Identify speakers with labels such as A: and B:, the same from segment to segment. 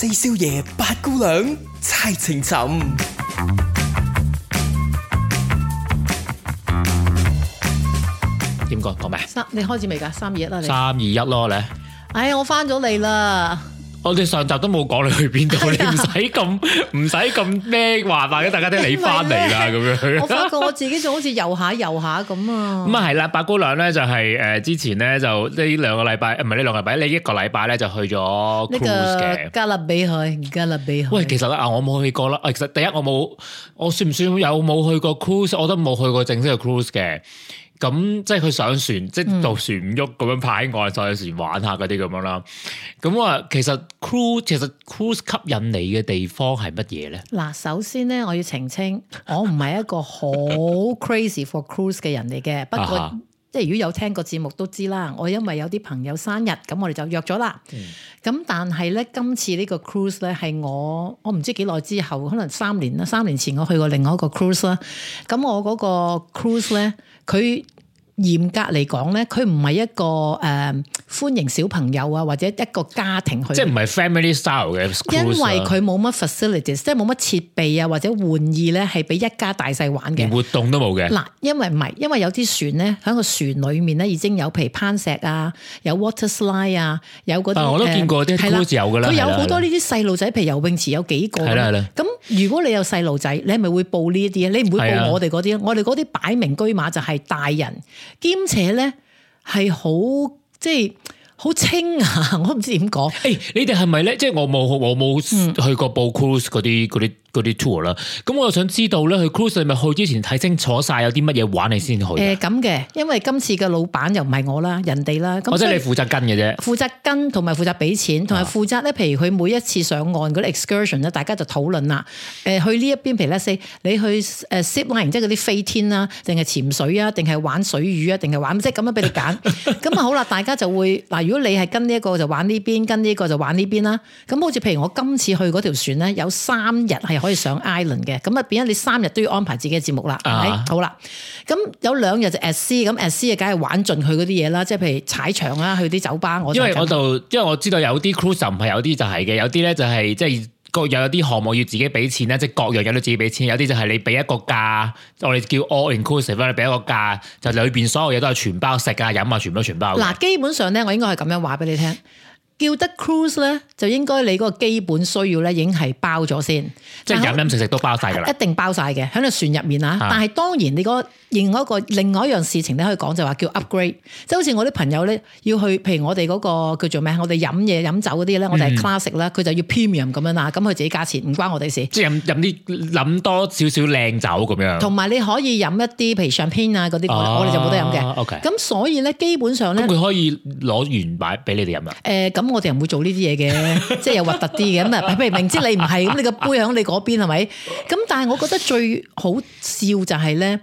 A: 四少爺，八姑娘，猜情尋。
B: 點講講咩？
A: 三你開始未㗎？三二一啦你。三
B: 二一咯，你。
A: 哎呀，我翻咗嚟啦。
B: 我哋上集都冇講你去邊度，你唔使咁，唔使咁咩話，或者大家聽你翻嚟啦，咁樣。我發覺
A: 我自己仲好似游下游下咁啊。咁啊係
B: 啦，八姑娘咧就係誒，之前咧就呢兩個禮拜，唔係呢兩個禮拜，你一個禮拜咧就去咗 cruise
A: 嘅加勒比海，加勒比海。喂，其
B: 實啊，我冇去過啦。其實第一我冇，我算唔算有冇去過 cruise？我都冇去過正式嘅 cruise 嘅。咁即係佢上船，即到船唔喐，咁、嗯、樣泊喺岸，就有時玩下嗰啲咁樣啦。咁啊，其實 cruise 其實 cruise 吸引你嘅地方係乜嘢咧？
A: 嗱，首先咧，我要澄清， 我唔係一個好 crazy for cruise 嘅人嚟嘅。不過即係、啊、如果有聽個節目都知啦。我因為有啲朋友生日，咁我哋就約咗啦。咁、嗯、但係咧，今次呢個 cruise 咧係我我唔知幾耐之後，可能三年啦，三年前我去過另外一個 cruise 啦。咁我嗰個 cruise 咧。佢。嚴格嚟講咧，佢唔係一個誒、呃、歡迎小朋友啊，或者一個家庭去。即係
B: 唔係 family style 嘅？因為佢
A: 冇乜 facilities，、啊、即係冇乜設備啊，或者玩意咧係俾一家大細玩嘅。連
B: 活動都冇嘅。嗱，
A: 因為唔係，因為有啲船咧喺個船裏面咧已經有譬如攀石啊，有 water slide 啊，有嗰啲我都見過啲都有㗎啦。佢有好多呢啲細路仔，譬如游泳池有幾個。係啦。咁如果你有細路仔，你係咪會報呢一啲啊？你唔會報我哋嗰啲？我哋嗰啲擺明居馬就係大人。兼且咧係好即係。好清啊！我唔知點講。誒、欸，
B: 你哋係咪咧？即、就、係、是、我冇我冇去過報 cruise 嗰啲啲啲 tour 啦。咁、嗯、我又想知道咧，去 cruise 係咪去之前睇清楚晒有啲乜嘢玩你先去的？誒、
A: 呃，咁嘅，因為今次嘅老闆又唔係我啦，人哋啦。我即係你負
B: 責跟嘅啫。負
A: 責跟同埋負責俾錢，同埋負責咧。譬如佢每一次上岸嗰啲 excursion 咧，大家就討論啦。誒、呃，去呢一邊，譬如咧 s 你去誒 seaplane 即係嗰啲飛天啦，定係潛水啊，定係玩水魚啊，定係玩即係咁樣俾你揀。咁 啊好啦，大家就會嗱。呃如果你係跟呢一個就玩呢邊，跟呢個就玩呢邊啦。咁好似譬如我今次去嗰條船咧，有三日係可以上 Island 嘅。咁啊，變咗你三日都要安排自己嘅節目啦、啊。好啦，咁有兩日就 at sea，咁 at sea 啊，梗係玩盡佢嗰啲嘢啦。即係譬如踩場啦，去啲酒吧。因為我，我
B: 因為我知道有啲 cruise ship 係有啲就係、是、嘅，有啲咧就係即係。各有有啲項目要自己俾錢咧，即係各樣嘢都自己俾錢。有啲就係你俾一個價，我哋叫 all-inclusive 啦，俾一個價就裏邊所有嘢都係全包食啊飲啊，全部都全包。嗱，
A: 基本上咧，我應該係咁樣話俾你聽，叫得 cruise 咧，就應該你嗰個基本需要咧已經係包咗先，即係飲飲食
B: 食都包晒㗎啦。一
A: 定包晒嘅喺個船入面啊！但係當然你個。另外一個另外一樣事情咧，可以講就話叫 upgrade，即係好似我啲朋友咧要去，譬如我哋嗰、那個叫做咩，我哋飲嘢飲酒嗰啲咧，我哋係 classic 啦、嗯，佢就要 premium 咁樣啦，咁佢自己加錢唔關我哋事。即
B: 係飲啲飲多少少靚酒咁樣。同
A: 埋你可以飲一啲譬如 champagne 啊嗰啲、哦，我哋就冇得飲嘅。O K。咁所以咧，基本上咧，佢可
B: 以攞原買俾你哋飲啊。
A: 誒、呃，咁我哋唔會做呢啲嘢嘅， 即係又核突啲嘅咁啊！譬如明知你唔係，咁 你個杯喺你嗰邊係咪？咁但係我覺得最好笑就係咧。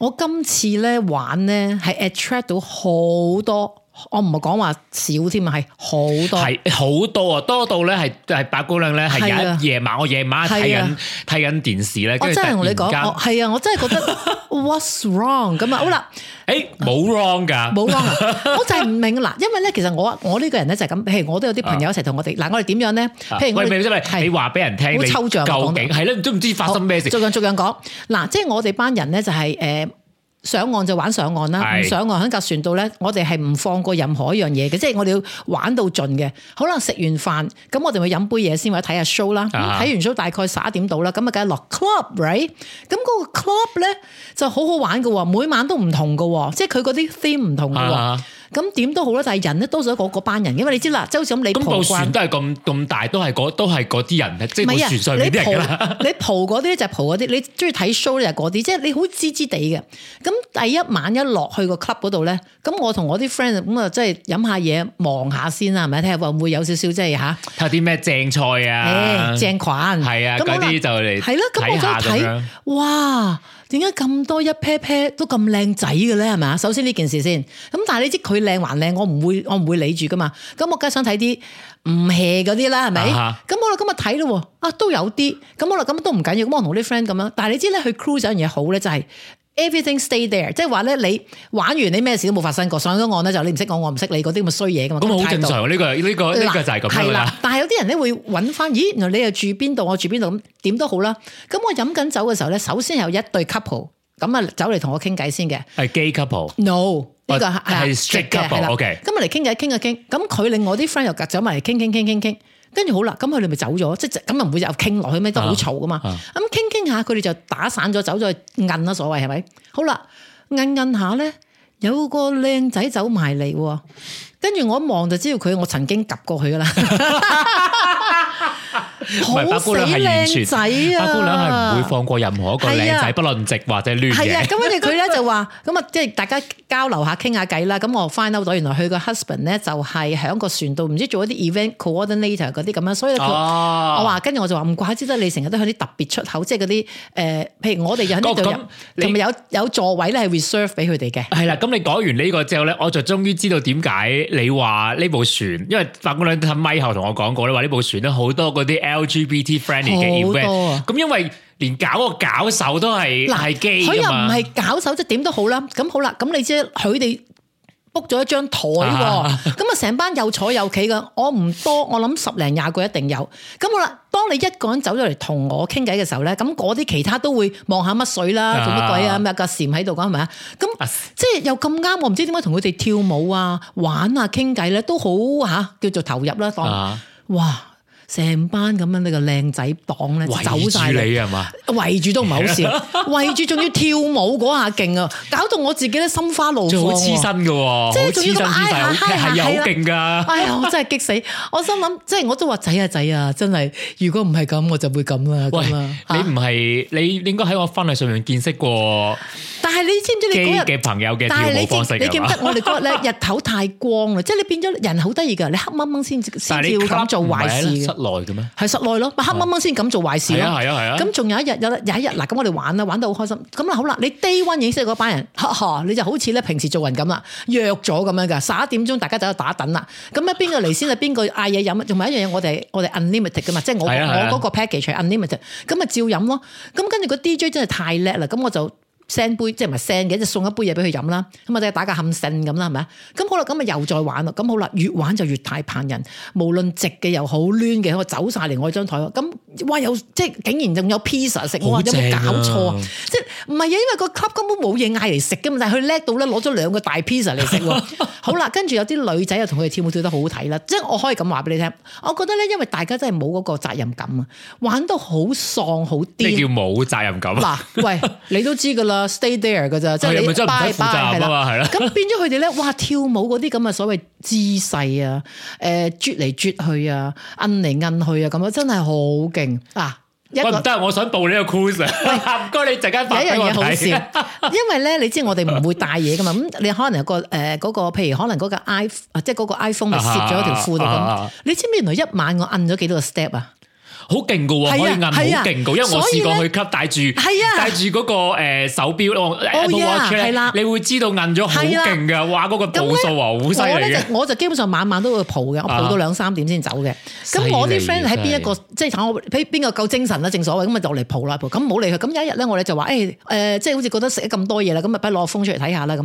A: 我今次咧玩咧，係 attract 到好多。我唔係講話少添啊，係好多，係
B: 好多啊，多到咧係係八姑娘咧係，夜晚我夜晚睇緊睇緊電視咧，我真係同你講，我
A: 係啊，我真係覺得 what's wrong 咁啊，好啦，
B: 誒冇 wrong 噶，冇 wrong，
A: 我就係唔明嗱，因為咧其實我我呢個人咧就係咁，譬如我都有啲朋友一齊同我哋，嗱我哋點樣咧，譬如你真
B: 係你話俾人聽，抽象講，究竟係咧，都唔知發生咩事，逐
A: 樣逐樣講，嗱即係我哋班人咧就係誒。上岸就玩上岸啦，上岸喺架船度咧，我哋係唔放過任何一樣嘢嘅，即係我哋要玩到盡嘅。可能食完飯，咁我哋會飲杯嘢先或者睇下 show 啦。睇完 show 大概十一點到啦，咁啊梗係落 club right？咁嗰個 club 咧就好好玩喎，每晚都唔同喎，即係佢嗰啲 theme 唔同喎。Uh-huh. 咁點都好啦，但係人咧多數嗰班人，因為你知啦，就係好似咁你。咁部船
B: 都係咁咁大，都係嗰都啲人即係船上面啲人
A: 你蒲嗰啲就蒲嗰啲，你中意睇 show 呢，就嗰、係、啲，即係你好滋滋地嘅。咁第一晚一落去個 club 嗰度咧，咁我同我啲 friend 咁啊，即係飲下嘢望下先啦，係咪聽？睇下會唔會有少少即係吓，睇下啲咩正
B: 菜啊？欸、正款，係啊，嗰啲就嚟睇下咁樣、啊。
A: 哇！點解咁多一 pair pair 都咁靚仔嘅咧？係咪啊？首先呢件事先。咁但係你知佢靚還靚，我唔會我唔會理住㗎嘛。咁我梗係想睇啲唔 hea 嗰啲啦，係咪？咁好啦，咁咪睇咯。啊，都有啲。咁好啦，咁都唔緊要。咁、嗯、我同啲 friend 咁樣。但係你知咧，佢 cruise 有樣嘢好咧，就係、是。Everything stay there，即係話咧，你玩完你咩事都冇發生過。上咗岸咧就你唔識我，我唔識你嗰啲咁衰嘢噶嘛。咁好正常、啊，呢、這個
B: 呢、這個呢 個就係咁樣啦。
A: 但係有啲人咧會揾翻，咦，原來你又住邊度，我住邊度，咁點都好啦。咁我飲緊酒嘅時候咧，首先有一對 couple 咁、no, 啊，走嚟同我傾偈先嘅。
B: 係、啊啊、gay couple。
A: No，呢個係 straight couple。OK，咁啊嚟傾偈，傾啊傾，咁佢令我啲 friend 又夾走埋嚟傾傾傾傾傾。跟住好啦，咁佢哋咪走咗，即係咁又唔會又傾落去咩，都好嘈噶嘛。咁傾傾下，佢、啊、哋、嗯、就打散咗，走咗去摁啦，所謂係咪？好啦，摁摁下咧，有個靚仔走埋嚟，跟住我一望就知道佢，我曾經及過佢噶啦。
B: 好死靚仔啊！八姑娘係唔會放過任何一個靚仔、啊，不論直或者、就是、亂嘢。係啊，咁跟住
A: 佢咧就話：，咁啊，即係大家交流一下、傾下偈啦。咁我 find out 到，原來佢個 husband 咧就係喺個船度，唔知做一啲 event coordinator 嗰啲咁樣。所以佢、哦，我話跟住我就話唔怪之得你成日都去啲特別出口，即係嗰啲誒，譬如我哋入喺度同埋有，有，有座位咧係 reserve 俾佢哋嘅。係啦、
B: 啊，咁你講完呢個之後咧，我就終於知道點解你話呢部船，因為八姑娘喺咪後同我講過咧，話呢部船咧好多嗰啲 L LGBT friendly 嘅 event，咁因為連搞個搞手都係，嗱係 gay，佢又唔係
A: 搞手，即係點都好啦。咁好啦，咁你知佢哋 book 咗一張台，咁啊成班又坐又企噶，我唔多，我諗十零廿個一定有。咁好啦，當你一個人走咗嚟同我傾偈嘅時候咧，咁嗰啲其他都會望下乜水啦，做乜鬼啊？咩阿禪喺度講，係咪啊？咁即係又咁啱，我唔知點解同佢哋跳舞啊、玩啊、傾偈咧，都好吓、啊，叫做投入啦，當、啊、哇。成班咁樣呢個靚仔黨咧走晒嚟，圍住你係嘛？圍住都唔係好事， 圍住仲要跳舞嗰下勁啊！搞到我自己咧心花怒放、啊，好黐身嘅喎，即係仲要挨下嗨下，係又勁㗎！哎呀，哎呀哎我真係激死！我心諗，即係我都話仔啊仔啊，真係，如果唔係咁，我就會咁啦、啊、你唔係
B: 你，你應該喺我婚禮上面見識過。
A: 但係你知唔知你嗰日嘅朋友嘅跳舞方式你？你記唔得我哋嗰日咧日頭太光啦， 即係你變咗人好得意㗎，你黑掹掹先先照咁做壞事。內嘅咩？係室內咯，黑掹掹先噉做壞事咯。係啊係啊係啊！咁仲、啊啊、有一日有得一日嗱，咁我哋玩啦，玩得好開心。咁啦好啦，你 day one 認識嗰班人呵呵，你就好似咧平時做人咁啦，約咗咁樣㗎。十一點鐘大家就喺度打等啦。咁咧邊個嚟先啊？邊個嗌嘢飲？仲埋一樣嘢，我哋我哋 unlimited 㗎嘛，即係我我嗰個 package unlimited。咁咪照飲咯。咁跟住個 DJ 真係太叻啦。咁我就。send 杯即係唔係 send 嘅，就送一杯嘢俾佢飲啦。咁啊，即係打個喊聲咁啦，係咪啊？咁好啦，咁啊又再玩咯。咁好啦，越玩就越大棚人。無論直嘅又好攣嘅又好，我走晒嚟我張台。咁哇，有即係竟然仲有 pizza 食喎？啊、有冇搞錯啊？即係唔係啊？因為那個 club，根本冇嘢嗌嚟食㗎嘛。但係佢叻到咧，攞咗兩個大 pizza 嚟食喎。 好啦，跟住有啲女仔又同佢哋跳舞跳得好睇啦。即係我可以咁話俾你聽，我覺得咧，因為大家真係冇嗰個責任感啊，玩到好喪好癲，即叫
B: 冇責任感。嗱、啊，
A: 喂，你都知㗎啦。Stay there 嘅咋，即係你拜拜係啦，咁、啊、變咗佢哋咧，哇跳舞嗰啲咁嘅所謂姿勢啊，誒啜嚟啜去啊，按嚟按去啊，咁樣真係好勁嗱。我唔
B: 得，我想報呢個 course。唔該，你陣間發俾我睇。一樣嘢好笑，
A: 因為咧，你知我哋唔會帶嘢噶嘛。咁你可能有誒嗰個，譬、呃、如可能嗰個 iPhone，即係嗰個 iPhone 咪攝咗條褲度咁、啊啊。你知唔知原來一晚我按咗幾多個 step 啊？好勁噶，可以按好勁噶，因為我試過去
B: cut 帶住，帶住嗰個誒手表我 Apple Watch 你會知道按咗好勁噶，哇嗰、那個步數啊，好犀利！我
A: 就基本上晚晚都會蒲嘅、啊，我蒲到兩三點先走嘅。咁我啲 friend 喺邊一個，即係睇我邊邊個夠精神啦、啊，正所謂咁啊，就嚟蒲啦蒲。咁冇理佢，咁有一日咧，我哋就話誒，誒、呃，即係好似覺得食咗咁多嘢啦，咁啊，不如攞個 phone 出嚟睇下啦咁。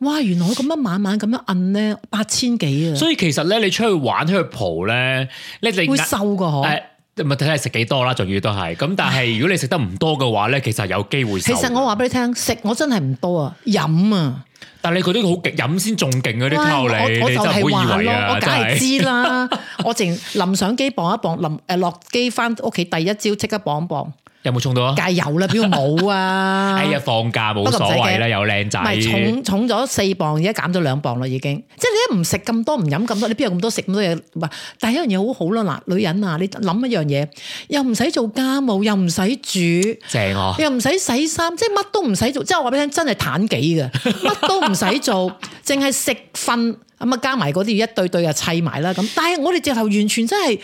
A: 哇，原來我咁樣晚晚咁樣按咧八千幾啊！所以
B: 其實咧，你出去玩出去蒲咧，你就會收噶嗬。唔係睇係食幾多啦，仲要都係。咁但係如果你食得唔多嘅話咧，其實有機會瘦。其實我
A: 話俾你聽，食我真係唔多啊，飲啊。
B: 但你嗰啲好勁，飲先仲勁嗰啲靠你，我就係話咯，我梗係知啦，
A: 我淨臨 上機磅一磅，臨誒落機翻屋企第一朝即刻磅一磅。有冇重到有了有沒有啊？梗係有啦，邊冇啊？哎呀，
B: 放假冇所謂啦，有靚仔。係重
A: 重咗四磅，而家減咗兩磅啦已經。即係你一唔食咁多，唔飲咁多，你邊有咁多食咁多嘢？唔係，但係一樣嘢好好啦嗱，女人啊，你諗一樣嘢，又唔使做家務，又唔使煮，正、啊、又唔使洗衫，即係乜都唔使做。即係我話俾你聽，真係坦幾嘅，乜都唔使做，淨係食瞓咁啊，加埋嗰啲一對對啊砌埋啦咁。但係我哋直頭完全真係。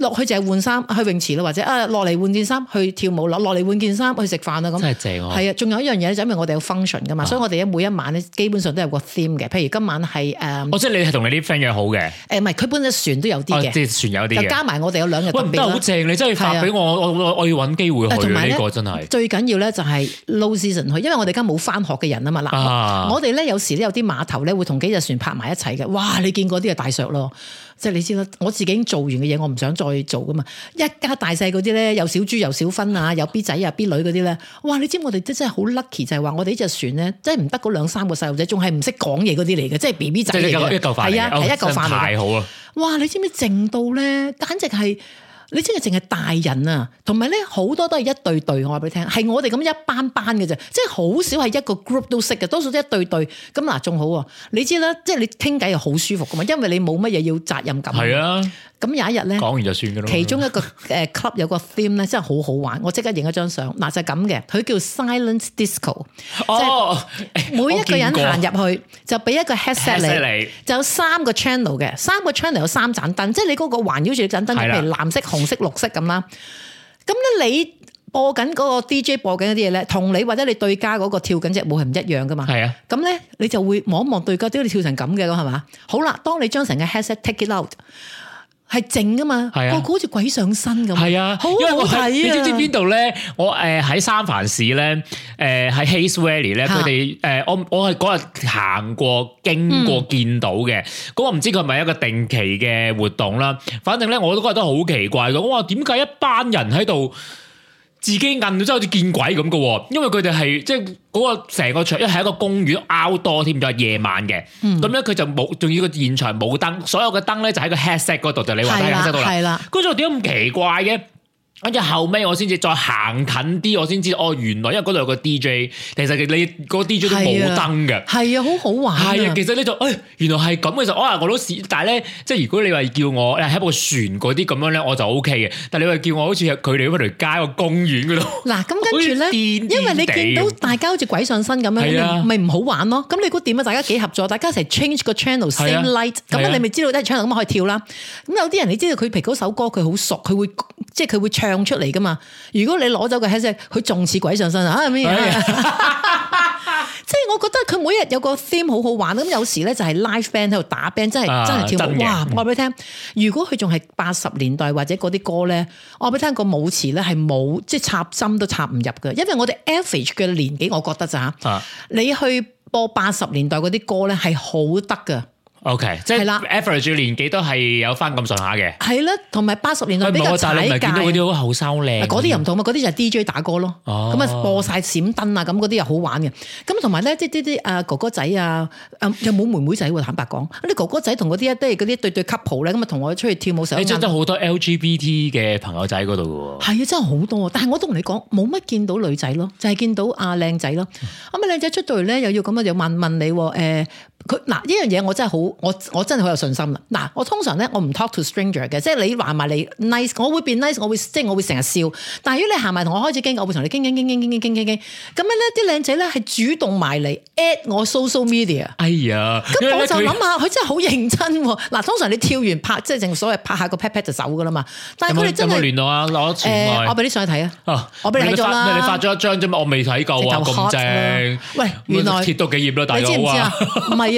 A: 落去就係換衫，去泳池咯，或者啊落嚟換件衫去跳舞咯，落嚟換件衫去食飯啦咁。真係正喎！係啊，仲有一樣嘢就因為我哋有 function 噶嘛，所以我哋每一晚咧基本上都有個 theme 嘅。譬如今晚係誒，
B: 哦，即、嗯、係、哦、你係同你啲 friend 約好嘅。
A: 誒唔係，佢本身船都有啲嘅，即、啊、
B: 係船有啲嘅。加
A: 埋我哋有兩日特別。係好正！你真係發俾我，
B: 我，我要揾機會去呢、呢個真係。
A: 最緊要咧就係 low season 去，因為我哋而家冇返學嘅人啊嘛。嗱、呃啊，我哋咧有時咧有啲碼頭咧會同幾隻船拍埋一齊嘅。哇，你見過啲啊大鑄咯～即係你知啦，我自己做完嘅嘢，我唔想再做噶嘛。一家大細嗰啲咧，有小豬、有小芬啊，有 B 仔啊、B 女嗰啲咧，哇！你知我哋真真係好 lucky，就係話我哋呢隻船咧，即係唔得嗰兩三個細路仔，仲係唔識講嘢嗰啲嚟嘅，即係 B B 仔嚟嘅，係、就是、啊，係、哦、一嚿飯好啊，哇！你知唔知正到咧，簡直係～你知唔知，淨係大人啊，同埋咧，好多都係一對對，我話俾你聽，係我哋咁一班班嘅啫。即係好少係一個 group 都識嘅，多數都一對對，咁嗱仲好啊，你知啦，即係你傾偈又好舒服噶嘛，因為你冇乜嘢要責任感。係啊。咁有一日咧，講
B: 完就算嘅咯。其
A: 中一個誒 club 有個 theme 咧，真係好好玩。 我即刻影一張相嗱就係咁嘅，佢叫 Silence Disco。即哦。即係、每一個人行入去就俾一個 headset 你，headset 你，就有三個 channel 嘅，三個 channel 有三盞燈，即、就、係、是、你嗰個環繞住呢盞燈，譬如藍色紅色、綠色咁啦，咁咧你播緊嗰個 DJ 播緊嗰啲嘢咧，同你或者你對家嗰個跳緊隻舞係唔一樣噶嘛？係啊，咁咧你就會望一望對家，點解你跳成咁嘅咁係嘛？好啦，當你將成個 headset take it out。係靜啊嘛，個個好似鬼上身咁。係啊，因為我係好，好啊，你知唔知邊
B: 度咧？我誒喺三藩市咧，誒喺 Hayes Valley 咧，佢哋誒我我係嗰日行過經過、嗯、見到嘅。咁我唔知佢係咪一個定期嘅活動啦。反正咧我都覺得好奇怪嘅。我話點解一班人喺度？自己摁到真係好似見鬼咁嘅，因為佢哋係即係嗰個成個場，因為係一個公園 outdoor 添，嗯、就係夜晚嘅。咁咧佢就冇，仲要個現場冇燈，所有嘅燈咧就喺個 headset 嗰度，就你話大家聽到啦。係啦以點咁奇怪嘅？跟住後尾我先至再行近啲，我先知道哦，原來因為嗰度有個 DJ，其實你個 DJ 都冇燈嘅，係啊、
A: 啊，好好玩、啊。係啊，其
B: 實你就、哎、原來係咁嘅時候，啊、哦，我都試。但係咧，即係如果你話叫我喺部船嗰啲咁樣咧，我就 O K 嘅。但係你話叫我好似佢哋喺條街個公園嘅咯，
A: 嗱咁跟住咧，因為你見到大家好似鬼上身咁樣咧，咪唔、啊、好玩咯。咁你估點啊？大家幾合作？大家一齊 change 個 channel，same、啊、light，咁、啊、你咪知道咧，唱咁可以跳啦。咁、啊、有啲人你知道佢譬如嗰首歌佢好熟，佢會即係佢會唱。唱出嚟噶嘛？如果你攞走佢喺只，佢仲似鬼上身啊！咩即係我覺得佢每日有個 theme 好好玩咁，有時咧就係 live band 喺度打 band，真係、啊、真係跳舞真哇！嗯、我俾你聽，如果佢仲係八十年代或者嗰啲歌咧，我俾你聽個舞池咧係冇即係插針都插唔入噶，因為我哋 average 嘅年紀，我覺得咋、就、吓、是？你去播八十年代嗰啲歌咧係好得噶。
B: O、okay, K，即係 average 年紀都係有翻咁上下嘅，
A: 係啦，同埋八十年代比較
B: 大，嗰啲又唔
A: 同嘛，嗰啲就係 D J 打歌咯，咁、哦、啊播晒閃燈啊，咁嗰啲又好玩嘅。咁同埋咧，即啲啲啊哥哥仔啊，有冇妹妹仔喎？坦白講，啲哥哥仔同嗰啲一啲嗰啲對對 couple 咧，咁啊同我出去跳舞成，你真係
B: 好多 L G B T 嘅朋友仔嗰度嘅
A: 喎，係啊，真係好多，但係我都同你講冇乜見到女仔咯，就係、是、見到阿靚仔咯。咁啊靚仔出到嚟咧，又要咁啊，就問問你誒？欸佢嗱呢樣嘢我真係好我我真係好有信心啦嗱我通常咧我唔 talk to stranger 嘅即係你話埋你 nice 我會變 nice 我會即係、就是、我會成日笑但係如果你行埋同我開始傾，我會同你傾傾傾傾傾傾傾傾咁樣咧啲靚仔咧係主動埋嚟 at 我 social media
B: 哎呀咁我就諗下，佢
A: 真係好認真嗱通常你跳完拍即係正所謂拍下個 pat pat 就走噶啦嘛，但係佢哋真係有冇聯
B: 絡啊攞誒、呃、我俾你
A: 上去睇啊我俾你睇咗啦咩你發
B: 咗一張啫嘛我未睇過咁正喂原來貼到幾頁啦大佬啊唔係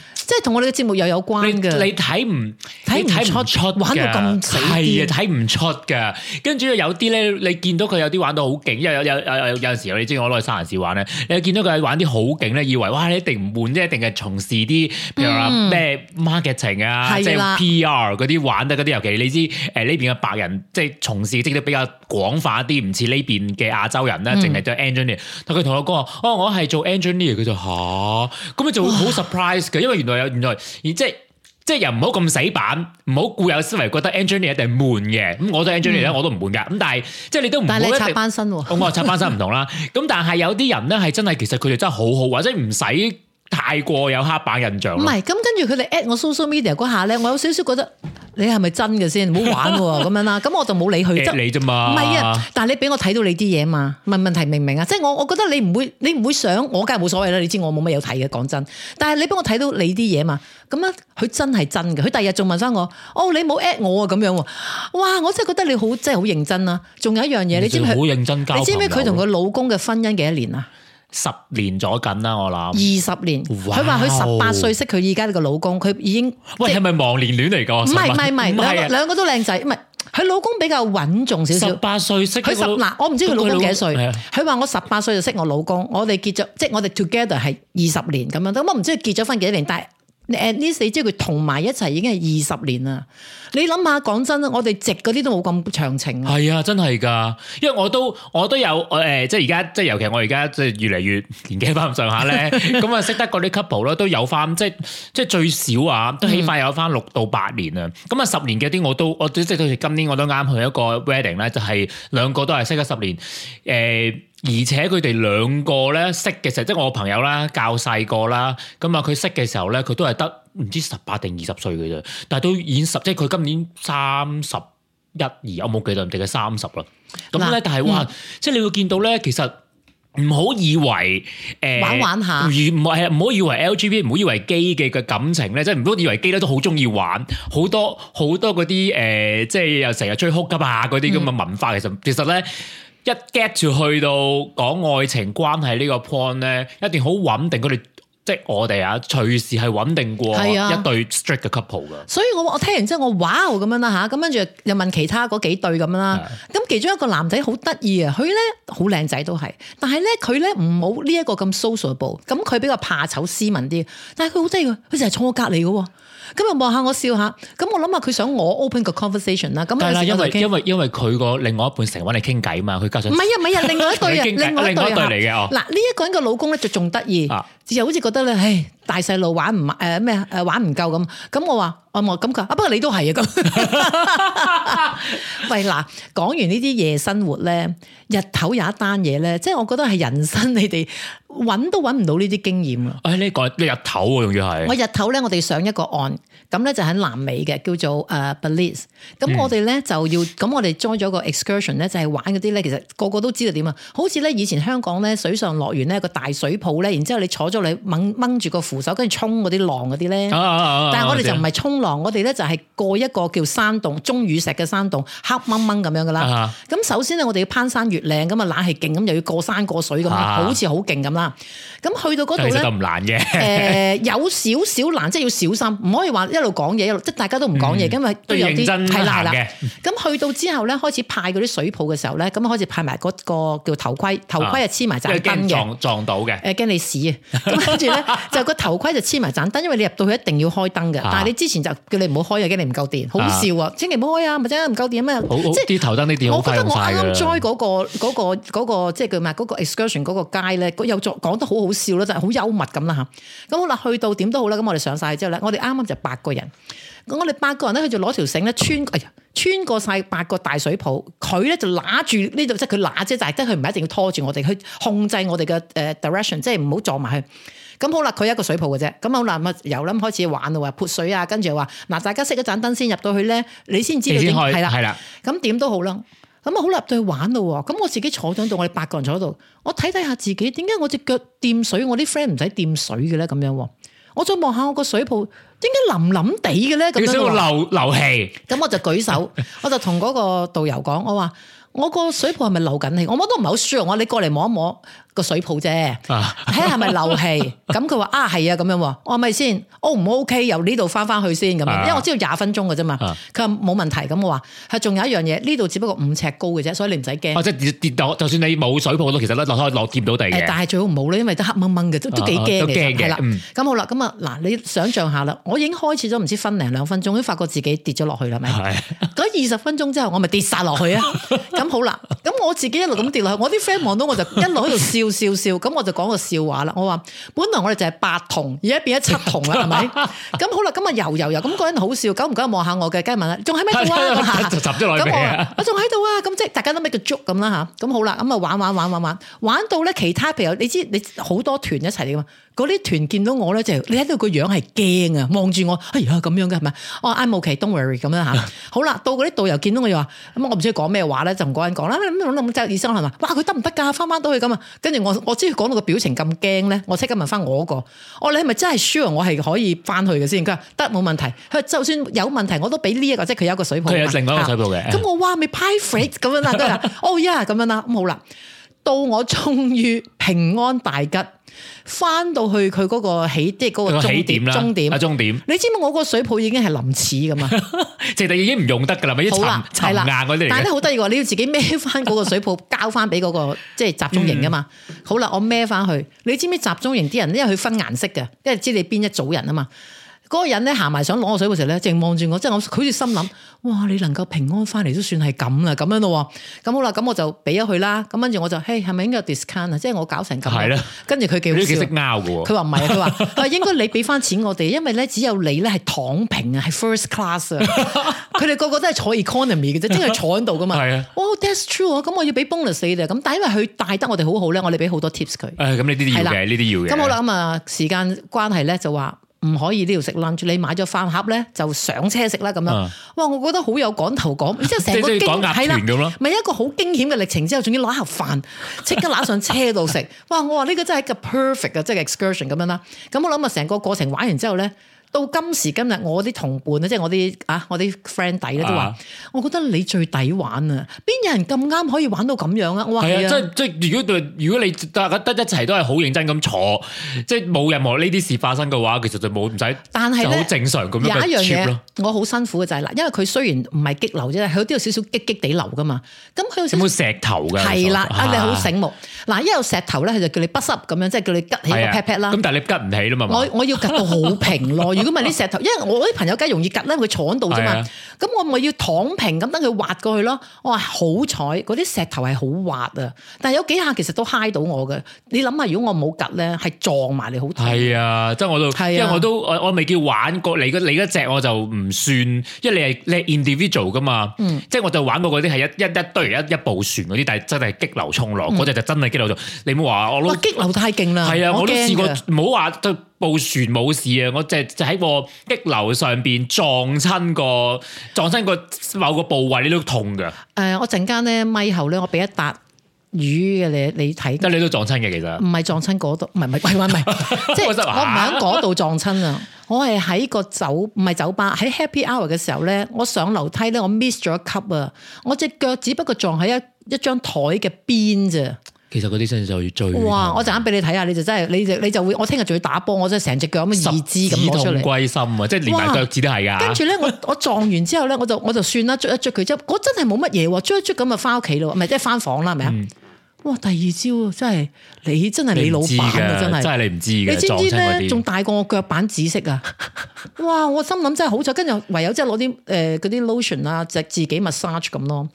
A: 即係同我哋嘅節目又有關嘅，你睇唔睇唔出
B: 玩出玩到咁死係啊，睇唔出嘅。跟住有啲咧，你見到佢有啲玩到好勁，因為有有有有有陣時候，你知我攞去沙田市玩咧，你見到佢玩啲好勁咧，以為哇，你一定唔悶，即一定係從事啲譬如話咩、嗯、marketing 啊，即係 PR 嗰啲玩得嗰啲。尤其你知誒呢、呃、邊嘅白人，即係從事即係比較廣泛啲，唔似呢邊嘅亞洲人咧，淨係做 engineer 但。但佢同我講哦，我係做 engineer，佢就嚇，咁、啊、咪就好 surprise 嘅，因為原來。原來而即係即係又唔好咁死板，唔好固有思維覺得 engineer 一定悶嘅。咁我做 engineer 咧，我都唔悶噶。咁但係即係你都唔會一直。但係你插班生。咁、嗯、我插班生唔同啦。咁 但係有啲人咧係真係其實佢哋真係好好，或者唔使。太過有黑板印象了。唔係，
A: 咁跟住佢哋 at 我 social media 嗰下咧，我有少少覺得你係咪真嘅先，唔好玩喎、啊、咁 樣啦。咁我就冇理佢啫，你
B: 啫嘛。唔係啊，
A: 但係你俾我睇到你啲嘢嘛？問問題明唔明啊？即係我，我覺得你唔會，你唔會想我，梗係冇所謂啦。你知我冇乜嘢睇嘅，講真。但係你俾我睇到你啲嘢嘛？咁樣，佢真係真嘅。佢第日仲問翻我，哦，你冇 at 我啊咁樣啊。哇，我真係覺得你好，真係好認真啊。仲有一樣嘢，你知唔知？認真你知唔知佢同佢老公嘅婚姻幾多年啊？
B: 十年咗緊啦，我諗二十年。佢話佢十八歲識
A: 佢而家呢個老公，佢已經
B: 喂係咪忘年戀嚟噶？唔係唔係唔係，兩兩
A: 個都靚仔，唔係佢老公比較穩重少少。十八歲識佢十嗱，我唔知佢老公幾多歲。佢話我十八歲就識我老公，我哋結咗，即係我哋 together 係二十年咁樣。咁我唔知佢結咗婚幾多年，但係。誒，呢四即係佢同埋一齊已經係二十年啦。你諗下，講真啦，我哋直嗰啲都冇咁長情啊。係
B: 啊，真係噶，因為我都我都有誒、呃，即係而家即係，尤其我而家即係越嚟越年紀翻唔上下咧。咁啊，識得嗰啲 couple 咧，都有翻，即係即係最少啊，都起碼有翻六到八年啊。咁、嗯、啊，十年嘅啲我都我即係到住今年，我都啱去一個 wedding 咧，就係兩個都係識咗十年誒。呃而且佢哋兩個咧識嘅時候，即係我朋友啦，較細個啦，咁啊佢識嘅時候咧，佢都係得唔知十八定二十歲嘅啫。但係都已經十，即係佢今年三十一二，我冇記得人哋嘅三十啦。咁咧，但係哇，即係你會見到咧，其實唔好以為誒玩玩下，唔唔係啊，唔好以為 LGB，唔好以為基嘅嘅感情咧，即係唔好以為基咧都好中意玩好多好多嗰啲誒，即係又成日追哭㗎嘛嗰啲咁嘅文化。其實其實咧。一 get 就去到講愛情關係呢個 point 咧，一定好穩定佢哋。即係我哋啊，隨時係穩定過一對 strict 嘅 couple 噶
A: 所以我聽我聽完之後我哇，咁樣啦吓，咁跟住又問其他嗰幾對咁樣啦。咁其中一個男仔好得意啊，佢咧，好靚仔都係，但係咧佢咧唔好呢一個咁 sociable，咁佢比較怕醜斯文啲。但係佢好得意，佢就係坐我隔籬嘅，咁又望下我笑下。咁我諗下佢想我 open 個 conversation 啦。咁但係因為
B: 因為因為佢個另外一半成日搵你傾偈啊嘛，佢加上唔係啊唔係啊，另外一對啊另外一對嚟嘅，嗱，
A: 呢一個人嘅老公咧就仲得意。啊又好似覺得咧，唉，大細路玩唔誒咩誒玩唔夠咁，咁我話、嗯、我冇咁噶，不過你都係啊咁。喂，嗱，講完呢啲夜生活咧，日頭有一單嘢咧，即係我覺得係人生，你哋搵都搵唔到呢啲經驗、哎、啊！誒，呢
B: 個日頭喎，仲要係我日
A: 頭咧，我哋上一個案。咁咧就喺南美嘅，叫做 Belize。咁我哋咧就要，咁、嗯、我哋裝咗個 excursion 咧，就係玩嗰啲咧。其實個個都知道點啊，好似咧以前香港咧水上樂園咧個大水泡咧，然之後你坐咗嚟掹掹住個扶手，跟住衝嗰啲浪嗰啲咧。但係我哋就唔係衝浪，我哋咧就係過一個叫山洞，鐘乳石嘅山洞，黑掹掹咁樣噶啦。咁、啊、首先咧我哋要攀山越嶺，咁啊懶係勁，咁又要過山過水咁樣，好似好勁咁啦。咁、啊、去到嗰度咧咁難嘅、呃。有少少難，即、就、係、是、要小心，唔可以話一路講嘢，一路即係大家都唔講嘢，因為都有啲睇鬧啦。咁去到之後咧，開始派嗰啲水泡嘅時候咧，咁開始派埋嗰、那個叫頭盔，頭盔係黐埋盞燈撞
B: 撞到嘅。
A: 誒、啊，驚你屎啊！咁跟住咧就個頭盔就黐埋盞燈，因為你入到去一定要開燈嘅、啊。但係你之前就叫你唔好開，又驚你唔夠電，好笑啊！啊千祈唔好開啊，或者唔夠電啊，咩？即係啲頭燈啲電，我覺得我啱啱 join 嗰個嗰、那個、那個即係叫咩？嗰、那個那個那個那個 excursion 嗰個街咧，又講得好好笑咯，就係、是、好幽默咁啦吓。咁好啦，去到點都好啦，咁我哋上晒之後咧，我哋啱啱就八個。人，咁我哋八個人咧，佢就攞條繩咧穿，哎呀，穿過晒八個大水泡，佢咧就拿住呢度，即係佢拿啫，就係即係佢唔係一定要拖住我哋，佢控制我哋嘅誒 direction，即係唔好撞埋去。咁好啦，佢一個水泡嘅啫。咁好啦，咁啊游啦，開始玩啦，潑水啊，跟住又話嗱，大家熄一盞燈先入到去咧，你先知道係啦係啦。咁點都好啦，咁啊好啦，入到去玩咯。咁我自己坐咗度，我哋八個人坐喺度，我睇睇下自己點解我隻腳掂水，我啲 friend 唔使掂水嘅咧，咁樣。我再望下我個水泡，為什麼點解淋淋地嘅咧？咁樣流,流,流氣。會漏漏氣。咁我就舉手， 我就同嗰個導遊講，我話我個水泡係咪漏緊氣？我摸都唔係好 sure 我話你過嚟摸一摸。個水泡啫，睇下係咪漏氣。咁佢話啊係啊咁樣，我話咪先，O 唔 O K？由呢度翻翻去先咁樣，因為我知道廿分鐘嘅啫嘛。佢話冇問題，咁我話係仲有一樣嘢，呢度只不過五尺高嘅啫，所以你唔使驚。哦、啊，即
B: 係跌跌，就算你冇水泡都，其實落可落跌到地。但
A: 係最好唔好咯，因為都黑掹掹嘅，都、啊、都幾驚嘅。係咁、嗯、好啦，咁啊嗱，你想象下啦，我已經開始咗唔知分零兩分鐘，都發覺自己跌咗落去啦，咪？咁二十分鐘之後，我咪跌晒落去啊！咁 好啦，咁我自己一路咁跌落去，我啲 friend 望到我就一路喺度笑。笑笑笑咁，我就講個笑話啦。我話本來我哋就係八同，而家變咗七同啦，係咪？咁 好啦，今日遊游遊咁，嗰、那個、人好笑，久唔久望下我嘅，梗係問啦，仲喺咩度啊？咁我我仲喺度啊！咁即係大家都咩叫 joke 咁啦吓。咁、啊、好啦，咁啊玩玩玩玩玩玩,玩,玩,玩到咧，其他譬如你知你好多團一齊嚟噶嘛。嗰啲團見到我咧就係，你喺度個樣係驚啊，望住我，哎呀咁樣嘅係咪？哦 I'm okay，don't worry，咁 樣嚇。好啦，到嗰啲導遊見到我又話，咁我唔知要講咩話咧，就唔該人講啦。咁咁咁，周醫生係嘛？哇，佢得唔得㗎？翻翻到去咁啊？跟住我，我知佢講到個表情咁驚咧，我即刻問翻我個，哦， 你係咪真係 sure 我係可以翻去嘅先？佢話得，冇問題。佢話就算有問題，我都俾呢一個，即係佢有一個水泡。佢有另外一個水泡嘅。咁我話咪 p r t 咁樣啦，哦呀，咁、yeah, 樣啦，咁好啦。到我終於平安大吉，翻到去佢嗰個起，即係嗰個終點起點，終點、啊、終點。你知唔知我個水泡已經係臨池㗎嘛？即
B: 係已經唔用得噶啦，咪一、啊、沉沉硬啲嚟嘅。但係咧好
A: 得意喎，你要自己孭翻嗰個水泡 交翻俾嗰個即係集中營噶嘛？好啦、啊，我孭翻去。你知唔知集中營啲人因為佢分顏色嘅，因為知你邊一組人啊嘛？嗰、那個人咧行埋想攞我水嘅時候咧，正望住我，即係我好似心諗：哇！你能夠平安翻嚟都算係咁啦，咁樣咯喎。咁好啦，咁我就俾咗佢啦。咁跟住我就：嘿，係咪應該有 discount 啊？即、就、係、是、我搞成咁。係啦。跟住佢幾好識拗喎。佢話唔係，佢話：，佢話 應該你俾翻錢我哋，因為咧只有你咧係躺平啊，係 first class 啊。佢哋個個都係坐 economy 嘅啫，即、就、係、是、坐喺度嘅嘛。係 啊、哦。哇，that's true 啊，咁我要俾 bonus 你哋咁，但係因為佢帶得我哋好好咧，我哋俾好多 tips 佢、哎。
B: 誒，咁呢啲要嘅，呢啲要嘅。咁好啦，咁
A: 啊，時間關係咧，就話。唔可以呢條食 lunch，你買咗飯盒咧就上車食啦咁樣。哇，我覺得好有趕頭講，即係成個驚係啦，咪一個好驚險嘅歷程之後，仲要攞盒飯即刻攞上車度食。哇，我話呢個真係一個 perfect 嘅即係 excursion 咁樣啦。咁我諗啊，成個過程玩完之後咧。到今時今日，我啲同伴咧，即係我啲啊，我啲 friend 底咧都話、啊，我覺得你最抵玩啊！邊有人咁啱可以玩到咁樣啊？我話係啊，啊，
B: 啊，即即如果如果你大家得一齊都係好認真咁坐，即冇任何呢啲事發生嘅話，其實就冇唔使，但係好正常咁樣有一樣嘢。
A: 我好辛苦嘅就係、是、啦，因為佢雖然唔係激流啫，佢都有少少激激地流噶嘛。咁佢有冇石頭㗎、啊。係啦，啊你好醒目。啊。嗱，一有石頭咧，佢就叫你不濕咁樣，即係叫你吉起個 pat pat 啦。咁、啊、
B: 但係你吉唔起啦嘛？我我
A: 要吉到好平咯。 如果唔係啲石頭，因為我啲朋友梗係容易吉啦，佢坐度啫嘛。咁、啊、我咪要躺平咁等佢滑過去咯。我話好彩嗰啲石頭係好滑啊，但係有幾下其實都嗨到我嘅。你諗下，如果我冇吉咧，係撞埋你好痛。
B: 係啊，即係我都，啊、因為我都我我未叫玩過你你嗰隻，我就唔算，因為你係你係 individual 噶嘛。即、嗯、係我就玩過嗰啲係一一一堆一一部船嗰啲，但係真係激流衝浪嗰隻就真係。激流，你唔好話我激流太
A: 勁啦，係啊，我都試過。
B: 唔好話對部船冇事啊，我即係即喺個激流上邊撞親個撞親個某個部位，你都痛噶。誒、
A: 呃，我陣間咧，咪後咧，我俾一笪魚嘅你，你睇。你都撞親嘅，其實唔係撞親嗰度，唔係唔係，唔係，
B: 即係 我唔係喺
A: 嗰度撞親啊！ 我係喺個酒唔係酒吧喺 Happy Hour 嘅時候咧，我上樓梯咧，我 miss 咗一級啊！我隻腳只不過撞喺一一張台嘅邊啫。
B: 其實嗰啲真係就要追哇！
A: 我陣間俾你睇下，你就真係，你就你就會，我聽日就要打波，我真係成隻腳咁樣，十指咁出嚟，痛歸
B: 心啊！即係連埋腳趾都係㗎。跟住咧，
A: 我我撞完之後咧，我就我就算啦，捽一捽佢之後。我真係冇乜嘢喎，捽一捽咁就翻屋企咯，唔係即係翻房啦，係咪啊？哇！第二招真係你真係你老闆啊！真係真係你唔知嘅，你知唔知咧？仲大過我腳板，紫色啊！哇！我心諗真係好彩，跟住唯有即係攞啲誒嗰啲 lotion 啊，就自己 massage 咁咯。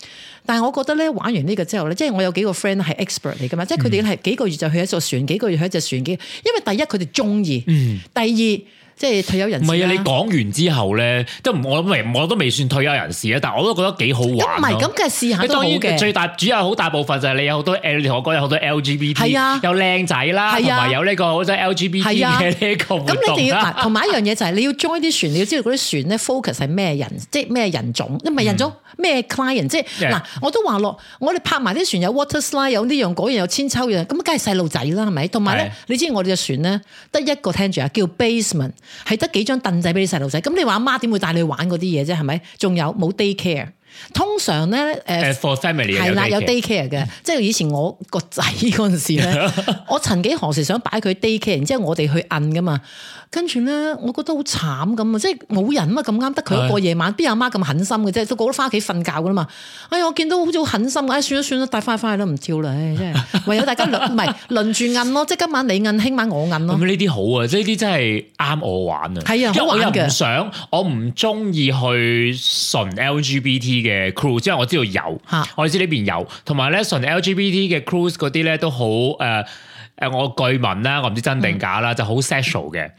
A: 但係我覺得咧，玩完呢個之後咧，即係我有幾個 friend 係 expert 嚟噶嘛，即係佢哋係幾個月就去一艘船，嗯、幾個月去一隻船，幾因為第一佢哋中意，嗯，第二。嗯即係退、啊啊、退休人士。唔係啊！你
B: 講完之後咧，即係我諗未，我都未算退休人士啊！但係我都覺得幾好玩。咁唔係咁嘅試下都好嘅。最大主要好大部分就係你有好多誒，同我講有好多 LGBT、啊、有靚仔啦，同埋、啊、有呢個好多 LGBT 嘅呢個咁、啊啊、你哋要同
A: 埋一樣嘢就係、是、你要 join 啲船，你要知道嗰啲船咧 focus 係咩人，即係咩人種，唔係人種咩、嗯、client，即係嗱，我都話咯，我哋拍埋啲船有 water slide，有、這個、有、有、有呢樣嗰樣，有千秋樣，咁梗係細路仔啦，係咪？同埋咧，你知我哋隻船咧得一個聽住啊，叫 basement。係得幾張凳仔俾你細路仔，咁你話阿媽點會帶你去玩嗰啲嘢啫？係咪？仲有冇 daycare？通常咧，誒係啦，有 daycare 嘅，嗯、即係以前我個仔嗰陣時咧， 我曾幾何時想擺佢 daycare，然之後我哋去摁噶嘛，跟住咧我覺得好慘咁啊，即係冇人乜咁啱得佢一個夜晚，邊阿媽咁狠心嘅啫，都覺得翻屋企瞓覺噶啦嘛。哎我見到好似好狠心，啊、哎，算啦算啦，帶翻翻去都唔跳啦，即真係，唯有大家輪唔係 輪住摁咯，即係今晚你摁，聽晚我摁咯。咁
B: 呢啲好啊，即係呢啲真係啱我玩啊，啊玩因為我又唔想，我唔中意去純 LGBT。嘅 cruise，即係我知道有，我知呢邊有，同埋咧純 LGBT 嘅 cruise 嗰啲咧都好，誒誒，我據聞啦，我唔知真定假啦，嗯、就好 sexual 嘅，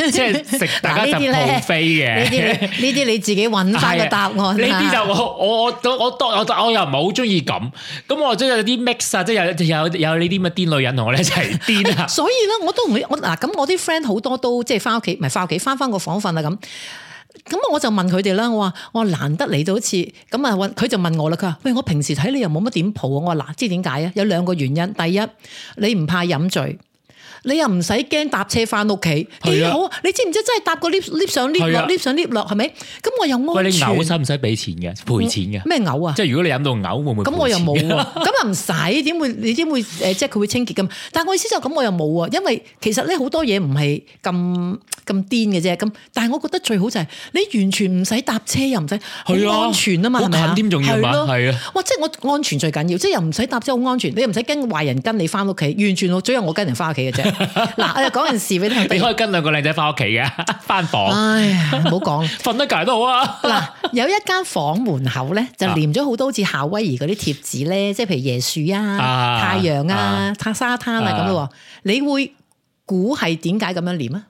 A: 即係食大家就飛嘅。這些呢啲呢啲你自己揾翻個答案，啊。呢啲就我
B: 我我我我我我又唔係好中意咁。咁我即係有啲 mix 啊，即係有有有呢啲咩癲女人同我哋一齊癲啊
A: 所以咧，我都唔會我嗱咁，我啲 friend 好多都即係翻屋企，唔係翻屋企翻翻個房瞓啊咁。咁我就問佢哋啦，我話我話難得嚟到一次，咁佢就問我啦，佢話喂，我平時睇你又冇乜點蒲，我話嗱，知點解啊？有兩個原因，第一，你唔怕飲醉。你又唔使驚搭車翻屋企幾好啊！你知唔知真係搭個 lift lift 上 lift 落 lift 上 lift 落係咪？咁、啊、我又安全。喂，你嘔使唔
B: 使俾錢嘅賠錢嘅？咩嘔啊？即係如果你飲到嘔會唔會？咁我又冇啊！
A: 咁又唔使點會？你點會即佢會清潔嘅？但我意思就咁、是，我又冇啊！因為其實咧好多嘢唔係咁咁癲嘅啫。咁但係我覺得最好就係、是、你完全唔使搭車又唔使、啊、安全啊嘛，係、那、咪、個、啊，啊？近啲仲要嘛係啊！哇！即係我安全最緊要，即係又唔使搭車好安全，你又唔使驚壞人跟你翻屋企，完全我只有我跟人翻屋企嘅啫。 嗱，我就講件事俾你聽。你可以
B: 跟兩個靚仔翻屋企嘅，翻房。唉，
A: 唔好講，
B: 瞓得覺都好啊。嗱，
A: 有一間房門口咧就粘咗好多好似夏威夷嗰啲貼紙咧，即係譬如椰樹啊、太陽啊、拍、啊、沙灘啊咁咯、啊。你會估係點解咁樣粘啊？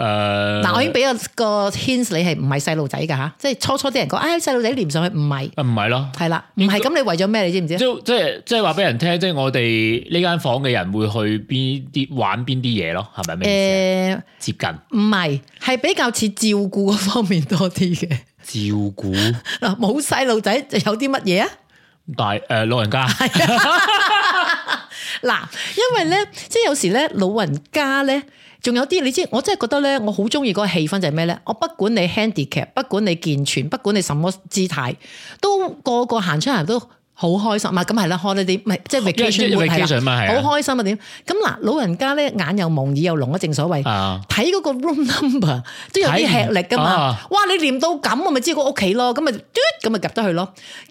A: 誒，嗱，我已經俾個 hint 你係唔係細路仔噶吓，即係初初啲人講，誒、哎，細路仔黏上去，唔係，唔係咯，係啦，唔係，咁你為咗咩？你知唔知？即係
B: 即係即係話俾人聽，即係我哋呢間房嘅人會去邊啲玩邊啲嘢咯，係咪啊？誒、
A: 呃，接近，唔係，係比較似照顧嗰方面多啲嘅
B: 照顧。
A: 嗱， 冇細路仔，就有啲乜嘢
B: 啊？但係誒，老人家。
A: 嗱， 因為咧，即係有時咧，老人家咧。仲有啲你知道，我真係覺得呢，我好鍾意嗰個氣氛就係咩呢？我不管你 handicap，不管你健全，不管你什麼姿態，都個個行出嚟都。好開心啊，咁係啦，開到啲，唔係即係 vacation 係好開心啊點？咁嗱，老人家咧眼又朦，耳又聾啊，正所謂睇嗰、uh. 個 room number 都有啲吃力噶嘛。哇、啊嘩！你念到咁，我咪知個屋企咯，咁咪嘟咁咪入得去咯。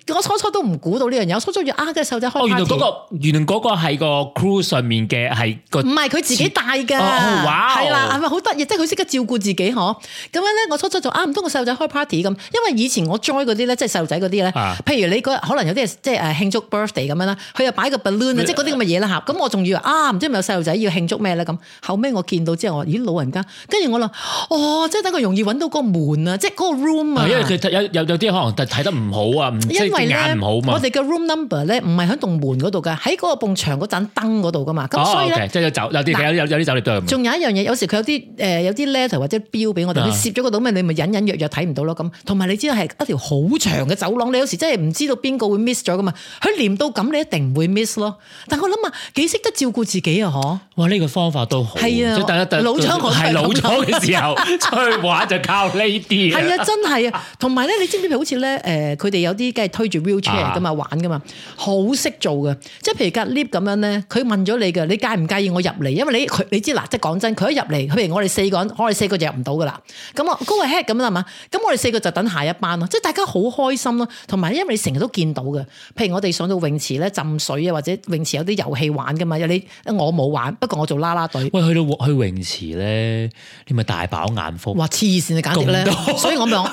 A: 我初初都唔估到呢樣嘢，我初初以為啊，啲細路仔開 party。
B: 哦、原來嗰、嗰個原來嗰個係個 crew 上面嘅係個唔係佢自己帶㗎，係、哦、啦，係咪好
A: 得意？即係佢識得照顧自己嗬，咁樣咧，我初初就啊唔通個細路仔開 party 咁，因為以前我 join 嗰啲咧，即係細路仔嗰啲咧，uh. 譬如你個可能有啲係即係。誒、啊、慶祝 birthday 咁樣啦，佢又擺個 balloon、呃、即係嗰啲咁嘅嘢啦嚇。咁我仲以為啊，唔、啊、知咪有細路仔要慶祝咩咧咁。後尾我見到之後，我咦老人家，跟住我話哦，即係等佢容易揾到個門啊，即係嗰個 room 啊。因
B: 為佢有啲可能睇得唔好啊，即係眼唔好嘛。我哋嘅
A: room number 咧唔係喺棟門嗰度噶，喺嗰個墻牆嗰盞燈嗰度噶嘛。咁
B: 所以咧、哦 okay，即走有啲有啲走你仲
A: 有一樣嘢，有時佢有啲、呃、有啲 letter 或者標俾我哋，佢攝咗個倒影，你咪隱隱約約睇唔到咯。咁同埋你知道係一條好長嘅走廊，你有時真係唔知道邊個會 miss 咗噶嘛。佢念到咁，你一定唔會 miss 咯。但係我諗啊，幾識得照顧自己啊，嗬。哇！呢、這個方法都好，即係等一老闆老咗嘅時候 出
B: 去玩就靠呢啲。係啊，真
A: 係啊！同埋咧，你知唔知？呃啊、譬如好似咧，誒，佢哋有啲梗係推住 wheelchair 噶嘛，玩噶嘛，好識做嘅。即係譬如隔 lift 咁樣咧，佢問咗你嘅，你介唔介意我入嚟？因為你你知嗱，即係講真，佢一入嚟，譬如我哋四個人，我哋四個就入唔到噶啦。咁啊，go ahead 咁啦嘛，咁我哋四個就等下一班咯。即係大家好開心咯，同埋因為你成日都見到嘅。譬如我哋上到泳池咧浸水啊，或者泳池有啲遊戲玩嘅嘛。有你我冇玩我做啦啦隊。喂，去到去泳池咧，你咪大飽眼福。哇，黐線嘅簡直咧，所以我咪講，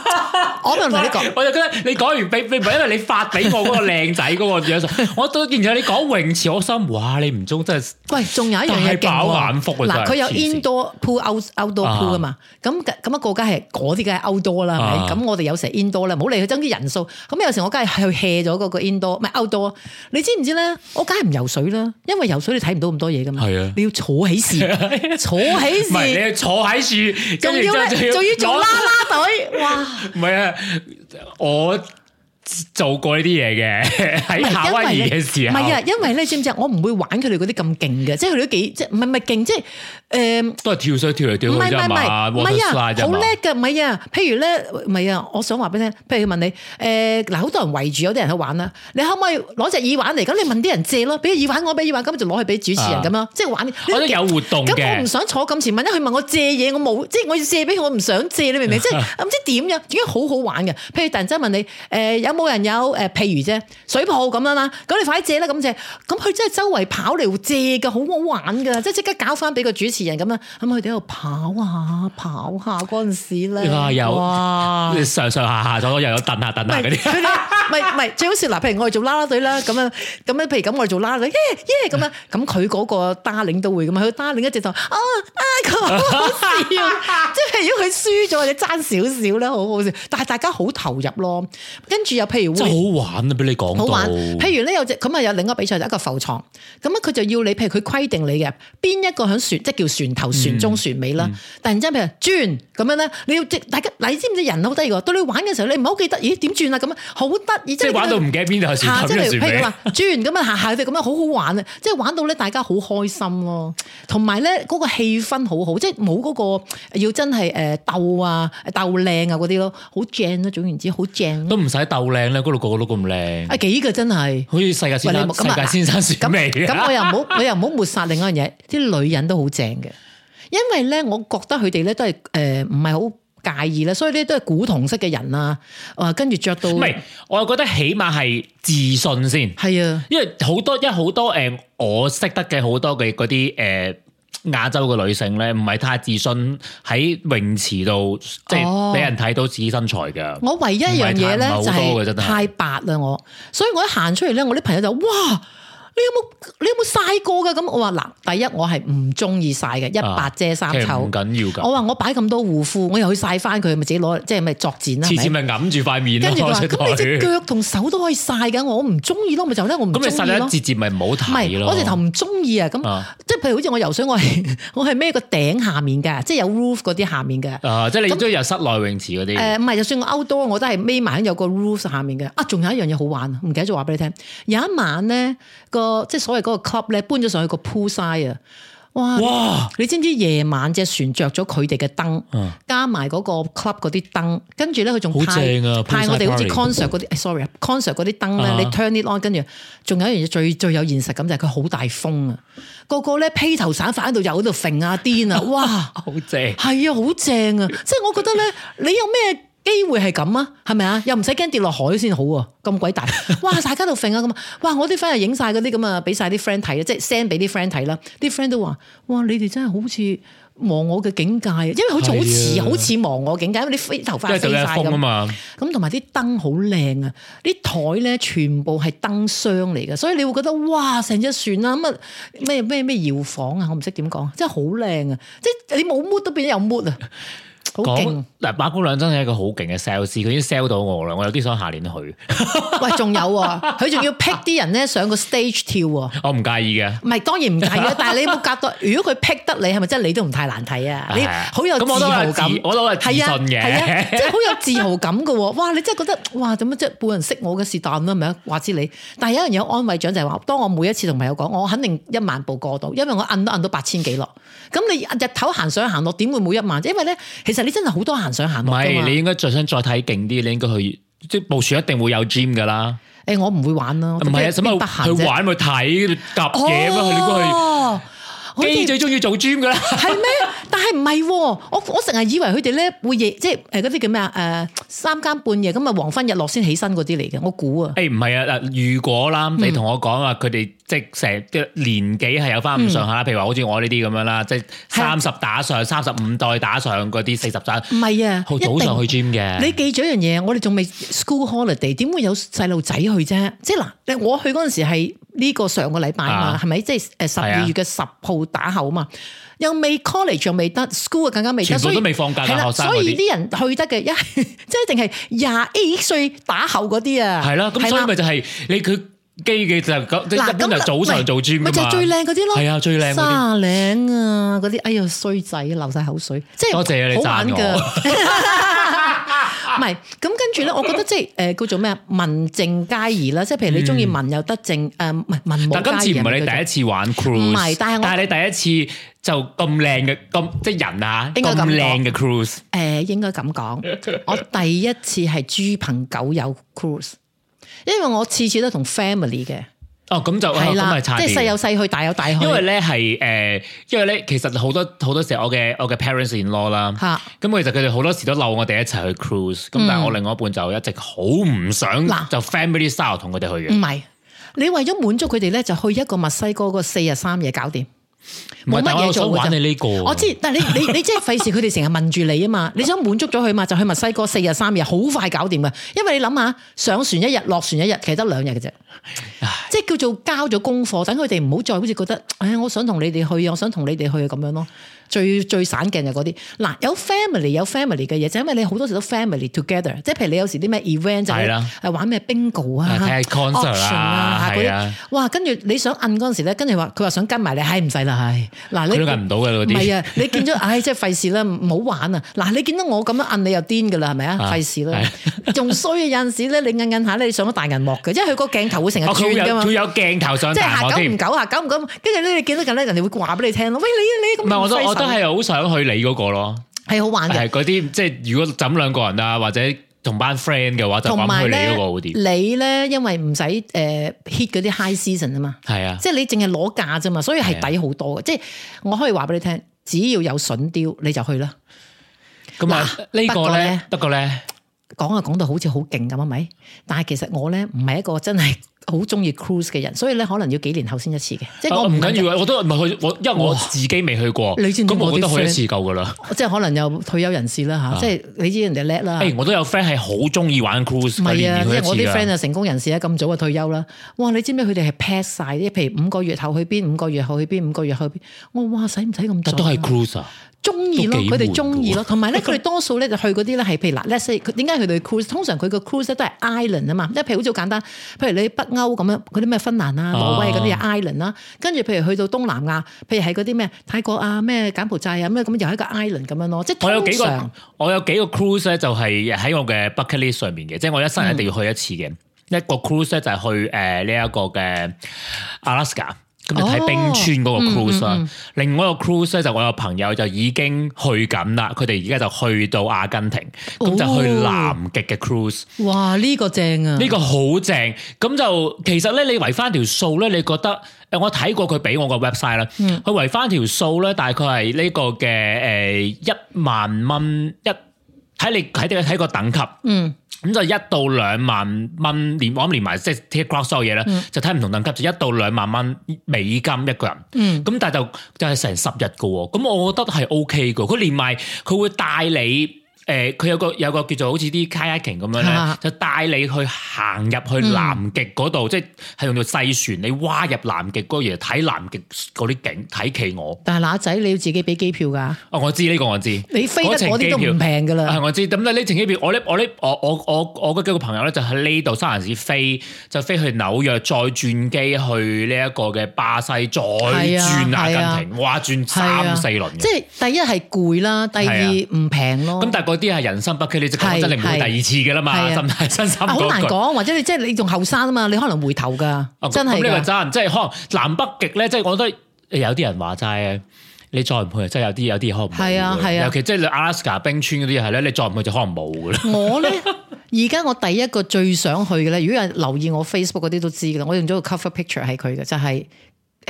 A: 我咪講呢我就覺
B: 得你講完俾， 你唔係因為你發俾我嗰個靚仔㗎喎， 我都。而且你講泳池，我心哇，你唔中真係。喂，仲有一樣嘢大飽眼福嗱，佢、啊、有 indoor
A: pool out outdoor pool 㗎、啊、嘛。咁咁啊，個梗係嗰啲梗係 outdoor 啦，咁我哋有時 indoor 啦，唔好理佢增啲人數。咁有時我梗係去 hea 咗嗰個 indoor，唔係 outdoor。你知唔知咧？我梗係唔游水啦，因為游水你睇唔到咁多嘢噶嘛。係啊。要坐喺樹，坐喺樹。唔係你坐喺樹，跟住咧仲要做啦啦隊。哇！唔係
B: 啊，我做過呢啲嘢嘅喺夏威夷嘅時候。唔係啊，
A: 因為咧，知唔知啊？我唔會玩佢哋嗰啲咁勁嘅，即係佢哋都幾，即係唔係唔係勁，即係。誒、嗯，都係跳水跳嚟跳去，唔係唔係唔係啊，好叻噶，唔係啊，譬如咧，唔係啊，啊，啊，啊，我想話俾你聽，譬如問你，誒、呃，嗱，好多人圍住，有啲人去玩啦，你可唔可以攞隻耳環嚟？咁你問啲人借咯，俾耳環我耳環，俾耳環，咁咪就攞去俾主持人咁咯，即、啊、係、就是、玩。我都有活動嘅，咁我唔想坐咁前，問因佢問我借嘢，我冇，即、就、係、是、我要借俾佢，我唔想借，你明唔明？ 即係唔知點樣，點解好好玩嘅、呃呃。譬如突然之間問你，誒，有冇人有誒，譬如啫水泡咁樣啦，咁你快啲借啦咁借，咁佢真係周圍跑嚟借噶，好好玩噶，即係即刻搞翻俾個主。似人咁啊，咁佢哋喺度跑下跑下嗰陣時咧，哇！
B: 上上下下咗又有蹬下凳下嗰啲。唔係
A: 唔係，下下 最好笑嗱，譬如我哋做啦啦隊啦，咁啊咁啊，譬如咁我哋做啦啦隊，耶耶咁啊，咁佢嗰個帶領都會咁啊，佢帶領一直就哦啊咁啊，
B: 好、啊啊、好
A: 笑。即 係如，如果佢輸咗，你爭少少咧，好好笑。但係大家好投入咯，跟住又譬如真好
B: 玩啊！俾你講，好玩。譬如
A: 咧有隻咁啊，有另一個比賽就係、一個浮牀，咁啊佢就要你，譬如佢規定你嘅邊一個喺船，即叫。船頭、船中、嗯、船尾啦，突然之間譬如轉咁樣咧，你要大，大家，你知唔知人好得意到你玩嘅時候，你唔好記得，咦點轉啊咁樣好得意，即係玩到唔記得邊度係船頭、啊、船尾、啊、即係譬如話轉咁啊，下下佢咁啊，好好玩，玩啊！即係玩到咧，大家好開心咯，同埋咧嗰個氣氛好好，即係冇嗰個要真係誒鬥啊鬥靚啊嗰啲咯，好正咯，總言之好正、啊。都
B: 唔使鬥靚咧，嗰度個個都咁靚啊！幾個真係，好似世界先生你、世界先生船尾。咁我又唔好，
A: 我又唔好抹殺另外一樣嘢，啲女人都好正。因為咧，我覺得佢哋咧都係誒唔係好介意咧，所以咧都係古銅色嘅人啊，啊跟住着到唔係，
B: 我係覺得起碼係自信先，係啊，因為好多因為好多誒、呃，我識得嘅好多嘅嗰啲誒亞洲嘅女性咧，唔係太自信喺泳池度、哦，即係俾人睇到自己身材噶。我唯一一樣嘢咧真係太
A: 白啦，我，所以我一行出嚟咧，我啲朋友就哇。你有冇你有冇曬過噶？咁我話嗱，第一我係唔中意曬嘅，一白遮三醜，其實唔緊要噶。我話我擺咁多護膚，我又要去曬翻佢，咪自己攞即係咪作戰啦？次次咪
B: 揞住塊面跟住話咁，你隻腳
A: 同手都可以曬嘅，我唔中意咯，咪就咧我唔中意咯。咁你曬一節
B: 節咪唔好睇我隻頭唔
A: 中意啊，咁即係譬如好似我游水，我係我係孭個頂下面嘅、即係啊，即係有 roof 嗰啲下面嘅。
B: 即係你中意遊室內泳池嗰啲？
A: 唔係、呃，就算我勾多，我都係孭埋有個 roof 下面嘅。啊，仲有一樣嘢好玩，唔記得咗話俾你聽。有一晚咧個。即係所謂嗰個 club 咧，搬咗上去個 poolside 啊！哇，你知唔知夜晚隻船着咗佢哋嘅燈，嗯、加埋嗰個 club 嗰啲燈，跟住咧佢仲好正啊！派我哋好似 concert 嗰啲、嗯，sorry，concert 嗰啲燈咧，uh-huh. 你 turn it on，跟住仲有一樣嘢最最有現實感就係佢好大風啊！個個咧披頭散髮喺度又喺度揈啊癲啊！哇，好正，係啊，好正啊！啊正啊 即係我覺得咧，你有咩？機會係咁啊，係咪啊？又唔使驚跌落海先好喎，咁鬼大！哇，大家度揈啊咁啊！ 哇，我啲 friend 又影晒嗰啲咁啊，俾晒啲 friend 睇啊，即係 send 俾啲 friend 睇啦。啲 friend 都話，哇，你哋真係好似忘我嘅境界，因為好似好似好似忘我嘅境界，因為你飛頭髮都死曬咁啊，咁同埋啲燈好靚啊，啲台咧全部係燈箱嚟嘅，所以你會覺得哇，成隻船啦咁啊咩咩咩搖晃啊，我唔識點講，真係好靚啊！即係你冇 mood 都變咗有 mood 啊！ 講
B: 嗱，馬姑娘真係一個好勁嘅 sales，佢已經 sell 到我啦，我有啲想下年去。
A: 喂，仲有、啊，佢仲要 pick 啲人咧上個 stage 跳喎，啊。我唔介意嘅。唔係，當然唔介意， 但係你冇夾到，如果佢 pick 得你，係咪真係你都唔太難睇啊，啊？你好有自豪感我自，我都嚟自信嘅，即係好有自豪感噶，啊。哇，你真係覺得哇，點樣即係冇人識我嘅事旦啦，咪啊話知你。但係有人有安慰獎就係話，當我每一次同朋友講，我肯定一萬步過到，因為我摁都摁到八千幾落。咁你日頭行上行落，點會冇一萬？因為咧，其實你真係好多行想行、啊，唔係你
B: 應該再想再睇勁啲，你應該去即係部署一定會有 gym 㗎啦、欸。
A: 誒，我唔會玩咯，唔係啊，使乜去、啊、去玩
B: 去睇夾嘢咩？你 go、哦、去。去基仔最
A: 中意做 gym 噶啦，係咩？但係唔係，我我成日以為佢哋咧會夜，即係誒嗰啲叫咩啊？誒、呃、三更半夜咁啊，黃昏日落先起身嗰啲嚟嘅，我估啊。誒唔
B: 係啊，嗱，如果啦，嗯、你同我講啊，佢哋即係成日嘅年紀係有翻唔上下、嗯，譬如話好似我呢啲咁樣啦，即係三十打上三十五代打上嗰啲四十散。唔係
A: 啊，好早上去 gym 嘅。你記住一樣嘢，我哋仲未 school holiday，點會有細路仔去啫？即係嗱，我去嗰陣時係。呢、這個上個禮拜嘛，係咪即係誒十二月嘅十號打後啊嘛，啊又未 college，又未得 school，更加未得，所以都未放假。係啦，所以啲人以去得嘅一即係一定係廿 A 歲打後嗰啲啊。係啦，咁所以咪就係
B: 你佢機嘅就日本係日早上做 gym 咪就係最靚嗰啲咯。係啊，最靚卅
A: 零啊，嗰啲哎呀衰仔流晒口水，即係多謝你的讚我。 唔係，咁跟住咧，我覺得即係、呃、叫做咩啊，文靜皆宜啦。即係譬如你中意文又得靜，誒唔係文武皆宜嗰種。但今次唔係你第一
B: 次玩 cruise，唔係，但係我但係你第一次就咁靚嘅，咁即係人啊，咁靚嘅 cruise。
A: 誒、呃、應該咁講，我第一次係豬朋狗友 cruise，因為我次次都同 family 嘅。
B: 哦，咁就咁係差啲，即係細有細
A: 去，大有大去。因為咧
B: 係誒，因為咧其實好多好多時候我嘅我嘅 parents in law 啦，咁其實佢哋好多時都漏我哋一齊去 cruise，咁、嗯、但係我另外一半就一直好唔想就 family style 同佢哋去嘅。唔
A: 係，你為咗滿足佢哋咧，就去一個墨西哥個四日三夜搞掂。冇乜嘢做呢啫，我，個、啊、我知，但係你你你即係費事，佢哋成日問住你啊嘛， 你想滿足咗佢嘛，就去墨西哥四日三日，好快搞掂噶，因為你諗下上船一日，落船一日，其實得兩日嘅啫，即係叫做交咗功課，等佢哋唔好再好似覺得，唉，我想同你哋去，我想同你哋去咁樣咯。最最散鏡就嗰啲，嗱有 family 有 family 嘅嘢，就因為你好多時都 family together，即係譬如你有時啲咩 event 就係係玩咩 bingo 啊，係 concert 啊，係啊，哇！跟住你想按嗰陣時咧，跟住話佢話想跟埋你，唉唔使啦，唉嗱你都按唔到嘅嗰啲，唔係啊，你見咗唉即係費事啦，唔好玩啊！嗱你見到我咁樣按你又癲㗎啦，係咪啊？費事啦，仲衰啊！有陣時咧你按按下咧上咗大銀幕嘅，因為佢個鏡頭會成日轉㗎嘛，佢有鏡頭上彈我添，即係下久唔久下久唔久，跟住咧你見得近咧人哋會話俾你聽咯，喂你你咁唔費事。都係
B: 好想去你嗰個咯，
A: 係好玩嘅。係嗰
B: 啲即係如果就咁兩個人啊，或者同班 friend 嘅話，就揾去你嗰個好啲。你
A: 咧，因為唔使誒 hit 嗰啲 high season 啊嘛，係啊，即係你淨係攞價啫嘛，所以係抵好多嘅。即係我可以話俾你聽，只要有筍釣你就去啦。咁啊，呢個咧，不過咧，講啊講到好似好勁咁係咪？但係其實我咧唔係一個真係，好中意 cruise 嘅人，所以咧可能要幾年後先一次嘅。即係我唔緊要
B: 啊，我都唔係去我，因為我自己未去過，咁我覺得去一次夠噶啦。
A: 即係可能有退休人士啦吓、啊，即係你知人哋叻啦。
B: 我都有 friend 係好中意玩 cruise，每年去一次。我啲 friend 啊，
A: 成功人士啊，咁早就退休啦。哇，你知唔知佢哋係 pass 晒啲？譬如五個月後去邊，五個月後去邊，五個月後去邊。我哇，使唔使咁多？但都係 cruise 啊。中意咯，佢哋中意咯，同埋咧，佢哋多數咧就去嗰啲咧係，譬如嗱，let's say，點解佢哋 cruise？通常佢個 cruise 都係 island 啊嘛，即係譬如好似好簡單，譬如你北歐咁樣，嗰啲咩芬蘭啊、挪威嗰啲有 island 啦、啊，跟、啊、住譬如去到東南亞，譬如係嗰啲咩泰國啊、咩柬埔寨啊咁樣，咁又係一個 island 咁樣咯。即係我有幾個，
B: 我有幾個 cruise 咧就係喺我嘅 bucket list 上面嘅，即係我一生人一定要去一次嘅、嗯、一個 cruise 咧就係去誒呢一個嘅 Alaska。咁睇冰川嗰個 cruise 啦，另外一個 cruise 咧就我有朋友就已經去緊啦，佢哋而家就去到阿根廷，咁、哦、就去南極嘅 cruise。
A: 哇！呢、呢個正啊，呢、呢個
B: 好正。咁就其實咧，你圍翻條數咧，你覺得誒？我睇過佢俾我個 website 啦，佢圍翻條數咧，大概係呢個嘅誒一萬蚊一，睇你睇睇個等級。嗯。咁就一到兩萬蚊，我連我諗連埋即係鐵跨所有嘢啦，嗯、就睇唔同等級，就一到兩萬蚊美金一個人。咁、嗯、但係就就係、是、成十日嘅喎，咁我覺得係 OK 嘅。佢連埋佢會帶你。誒、呃、佢有個有個叫做好似啲 Kayaking 咁樣咧、啊，就帶你去行入去南極嗰度，嗯、即係用到細船你挖入南極嗰度，睇南極嗰啲景，睇企鵝。
A: 但係嗱仔，你要自己俾機票㗎。哦，
B: 我知呢、呢個，我知。你飛得嗰啲都唔平㗎啦。我知。咁你呢程機票，我咧我我我我我嗰幾個朋友咧就喺呢度三藩市飛，就飛去紐約，再轉機去呢一個嘅巴西，再轉阿根廷，啊啊、哇，轉三四輪、啊。即係
A: 第一係攰啦，第二唔平咯。咁、
B: 啊、但係、嗰個啲係人生不羈，你真講真，你唔會第二次噶啦嘛，真係真心好難講，
A: 或者你即係你仲後生啊嘛，你可能回頭噶，真係。呢你話
B: 真，即係可能南北極咧，即係我覺得有啲人話齋咧，你再唔去，真係有啲有啲可能冇嘅。係啊係啊，尤其即係阿拉斯加冰川嗰啲係咧，你再唔去就可能冇噶啦。我咧，
A: 而 家我第一個最想去嘅咧，如果有留意我 Facebook 嗰啲都知噶，我用咗個 cover picture 係佢嘅，就係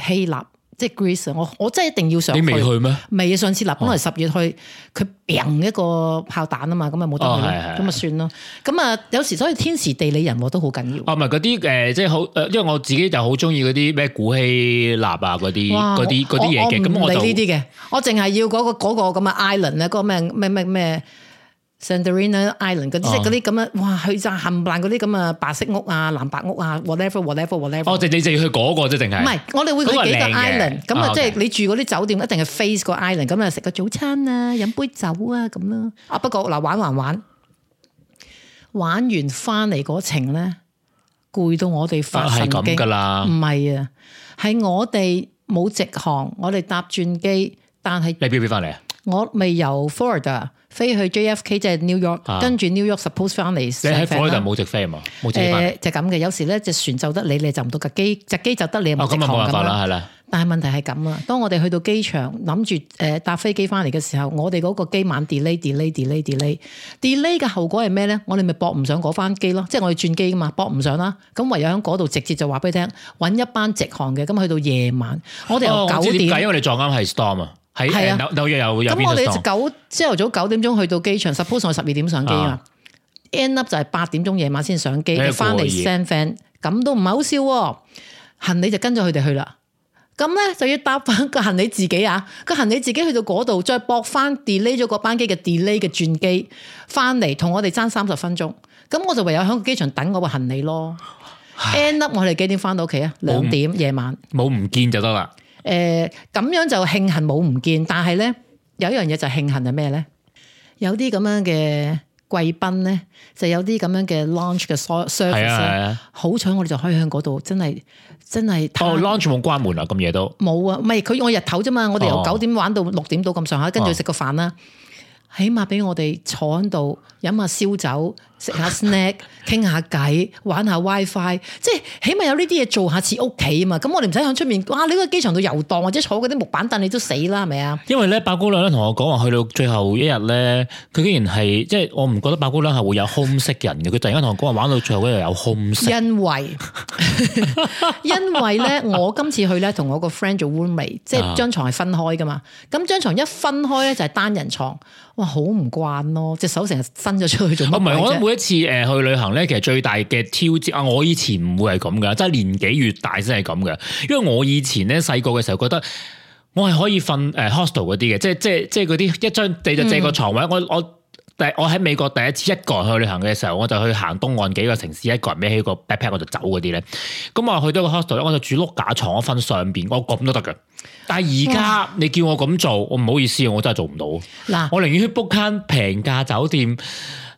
A: 希臘。即係 Greece，我我真係一定要上去。你未去咩？未啊！上次立本來十月去，佢、啊、病一個炮彈啊嘛，咁咪冇得去咯，咁、哦、咪算咯。咁啊，有時所以天時地利人和都好緊要。
B: 啊，唔係嗰啲誒，即係好誒，因為我自己就好中意嗰啲咩古希臘啊嗰啲嗰啲啲嘢嘅。咁我，我，我，我，我就唔理呢啲嘅，
A: 我淨係要嗰、嗰個咁嘅、嗰個嗰個、Island 咧，嗰個咩咩咩咩。Santorini Island 嗰啲即係嗰啲咁啊，哇！去就冚唪唥嗰啲咁啊，白色屋啊、藍白屋啊，whatever，whatever，whatever。哦，你你
B: 就要去嗰個啫，定係？唔係，
A: 我哋會去幾個 island，咁啊，即係你住嗰啲酒店一定係 face 個 island，咁啊，食個早餐啊，飲杯酒啊，咁咯。啊，不過嗱，玩還玩，玩完翻嚟嗰程咧，攰到我哋發神經啦。唔係啊，係我哋冇直航，我哋搭轉機，但係你幾時翻嚟啊？我未由 Florida。飛去 JFK 即係 New York，跟住 New York suppose 翻嚟。你喺火嗰度冇
B: 直飛係嘛？冇直飛。呃，
A: 就咁嘅，有時咧隻船就得你，你就唔到架機；隻機就得你唔直航咁冇辦法啦，係啦。但係問題係咁啊，當我哋去到機場諗住誒搭飛機翻嚟嘅時候，我哋嗰個機晚 delay delay delay delay delay 嘅後果係咩咧？我哋咪駁唔上嗰班機咯，即係我哋轉機㗎嘛，駁唔上啦。咁唯有喺嗰度直接就話俾你聽，揾一班直航嘅。咁去到夜晚，我哋又九點、哦，因為
B: 你撞啱係 storm 啊。係啊，有有邊度？咁我哋九
A: 朝頭早九點鐘去到機場，suppose 我十二點上機啊。end up 就係八點鐘夜晚先上，上機，翻嚟 send fan，咁都唔係好笑喎。行李就跟咗佢哋去啦，咁咧就要搭翻個行李自己啊，個行李自己去到嗰度再駁翻 delay 咗個班機嘅 delay 嘅轉機，翻嚟同我哋爭三十分鐘。咁我就唯有喺個機場等我個行李咯。end up 我哋幾點翻到屋企啊？兩點夜晚，
B: 冇唔見就得
A: 啦。誒，咁樣就慶幸冇唔見，但係咧有一樣嘢就慶幸係咩咧？有啲咁樣嘅貴賓咧，就有啲咁樣嘅 launch 嘅 service 呢、啊啊、好彩我哋就可以向嗰度，真係真係。哦，launch 冇關門啊，咁夜都冇啊，唔係佢我日頭啫嘛，我哋由九點玩到六點到咁上下，跟住食個飯啦、哦，起碼俾我哋坐喺度。飲下燒酒，食下 snack，傾下偈，玩下 WiFi，即係起碼有呢啲嘢做下似屋企啊嘛！咁我哋唔使喺出面，哇！你喺機場度遊蕩或者坐嗰啲木板凳，你都死啦，係咪啊？
B: 因為咧，八姑娘咧同我講話，去到最後一日咧，佢竟然係即係我唔覺得八姑娘係會有空識人嘅。佢突然間同我講話玩到最後一日有空識。因
A: 為 因為咧，我今次去咧同我個 friend 做 roommate，即係張床係分開噶嘛。咁張床一分開咧就係單人床。哇！好唔慣咯，隻手成日伸。我唔係，我覺得
B: 每一次誒去旅行咧，其實最大嘅挑戰啊！我以前唔會係咁㗎，即係年紀越大先係咁㗎。因為我以前咧細個嘅時候覺得，我係可以瞓、呃、hostel 嗰啲嘅，即係即係即係嗰啲一張地就借個床位，我、嗯、我。我但係我喺美國第一次一個人去旅行嘅時候，我就去行東岸幾個城市，一個人孭起個 backpack 我就走嗰啲咧。咁我去到一個 hostel 我就住碌架床，我瞓上面，我咁都得嘅。但係而家你叫我咁做，我唔好意思，我真係做唔到。嗱，我寧願去 book 間平價酒店，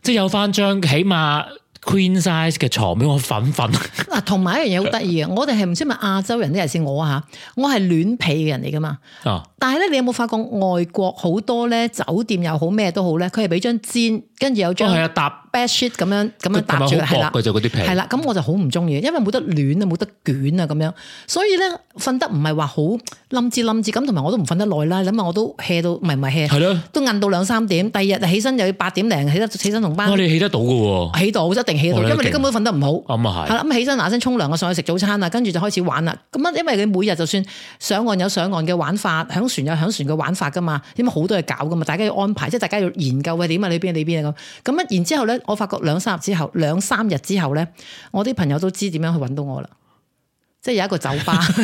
B: 即係有翻張起碼 queen size 嘅床俾我瞓瞓。嗱，
A: 同埋一樣嘢好得意啊， 我哋係唔知咪亞洲人啲係先我啊，我係暖被嘅人嚟噶嘛。啊！但係咧，你有冇發覺外國好多咧，酒店又好咩都好咧，佢係俾張氈，跟住有張係、哦、啊搭 bed sheet 咁樣咁樣搭住係啦，咁我就好唔中意，因為冇得暖啊，冇得捲啊咁樣，所以咧瞓得唔係話好冧字冧字咁，同埋我，我都唔瞓得耐啦，諗下我都 hea 到，唔係唔係 hea，係咯，都晏到兩三點，第二日起身又要八點零起得起身同班，哇、哦，你起
B: 得到嘅喎，
A: 起到一定起得到、哦，因為你根本瞓得
B: 唔好，咁啊係，咁
A: 啊、嗯、起身嗱聲沖涼，我上去食早餐啦，跟住就開始玩啦，咁啊因為你每日就算上岸有上岸嘅玩法船有響船嘅玩法噶嘛？因為好多嘢搞噶嘛？大家要安排，即係大家要研究嘅。點啊？你邊你邊啊？咁咁啊？然之後咧，我發覺兩三日之後，兩三日之後咧，我啲朋友都知點樣去搵到我啦。即係有一個酒吧，即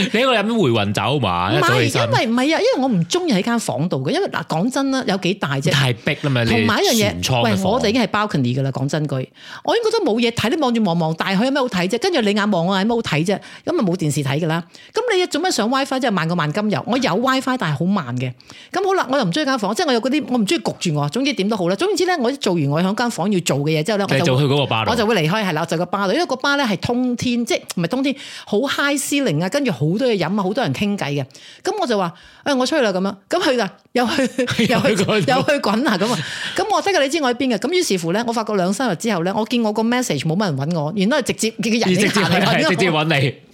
B: 係 你喺度飲回魂酒唔嘛？因為
A: 唔係啊，因為我唔中意喺間房度嘅。因為嗱，講真啦，有幾大啫，太逼啦嘛。同埋一樣嘢，喂，我哋已經係 balcony 噶啦。講真句，我應該都冇嘢睇，都望住茫茫大海有咩好睇啫？跟住你眼望我眼冇好睇啫，咁咪冇電視睇噶啦。咁。做咩上 WiFi 即係慢過萬金油？我有 WiFi 但係好慢嘅。咁好啦，我又唔中意間房，即係我有嗰啲，我唔中意焗住我。總之點都好啦。總然之咧，我做完我響間房要做嘅嘢之後咧，就去個吧。我就會離開係啦，就是、個吧，因為個巴咧係通天，即係唔係通天，好 high ceiling 啊，跟住好多嘢飲啊，好多人傾偈嘅。咁我就話：誒、欸，我出去啦咁樣。咁去噶？又去？又去？ 又去滾啊咁啊？咁我真噶？你知我喺邊噶？咁於是乎咧，我發覺兩三日之後咧，我見我個 message 冇乜人搵我，原來係直接佢嘅直接，直接搵你。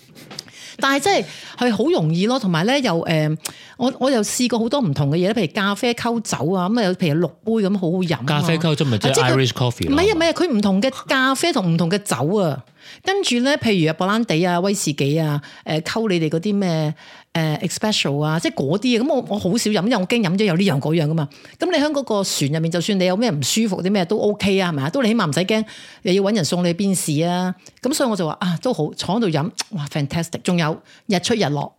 A: 但係真係係好容易咯，同埋咧又誒、呃，我我又試過好多唔同嘅嘢咧，譬如咖啡溝酒啊，咁啊，有譬如六杯咁好好飲咖啡溝酒咪即係 Irish coffee，唔係啊，唔係啊，佢唔同嘅咖啡同唔同嘅酒啊，跟住咧，譬如啊，白蘭地啊、威士忌啊，誒、呃、溝你哋嗰啲咩？誒、uh，special 啊，即係嗰啲嘅，咁我我好少飲，因為我驚飲咗有呢樣嗰樣噶嘛。咁你喺嗰個船入面，就算你有咩唔舒服啲咩都 OK 啊，係咪啊？都你起碼唔使驚，又要揾人送你去邊試啊。咁所以我就話啊，都好坐喺度飲，哇 fantastic！仲有日出日落，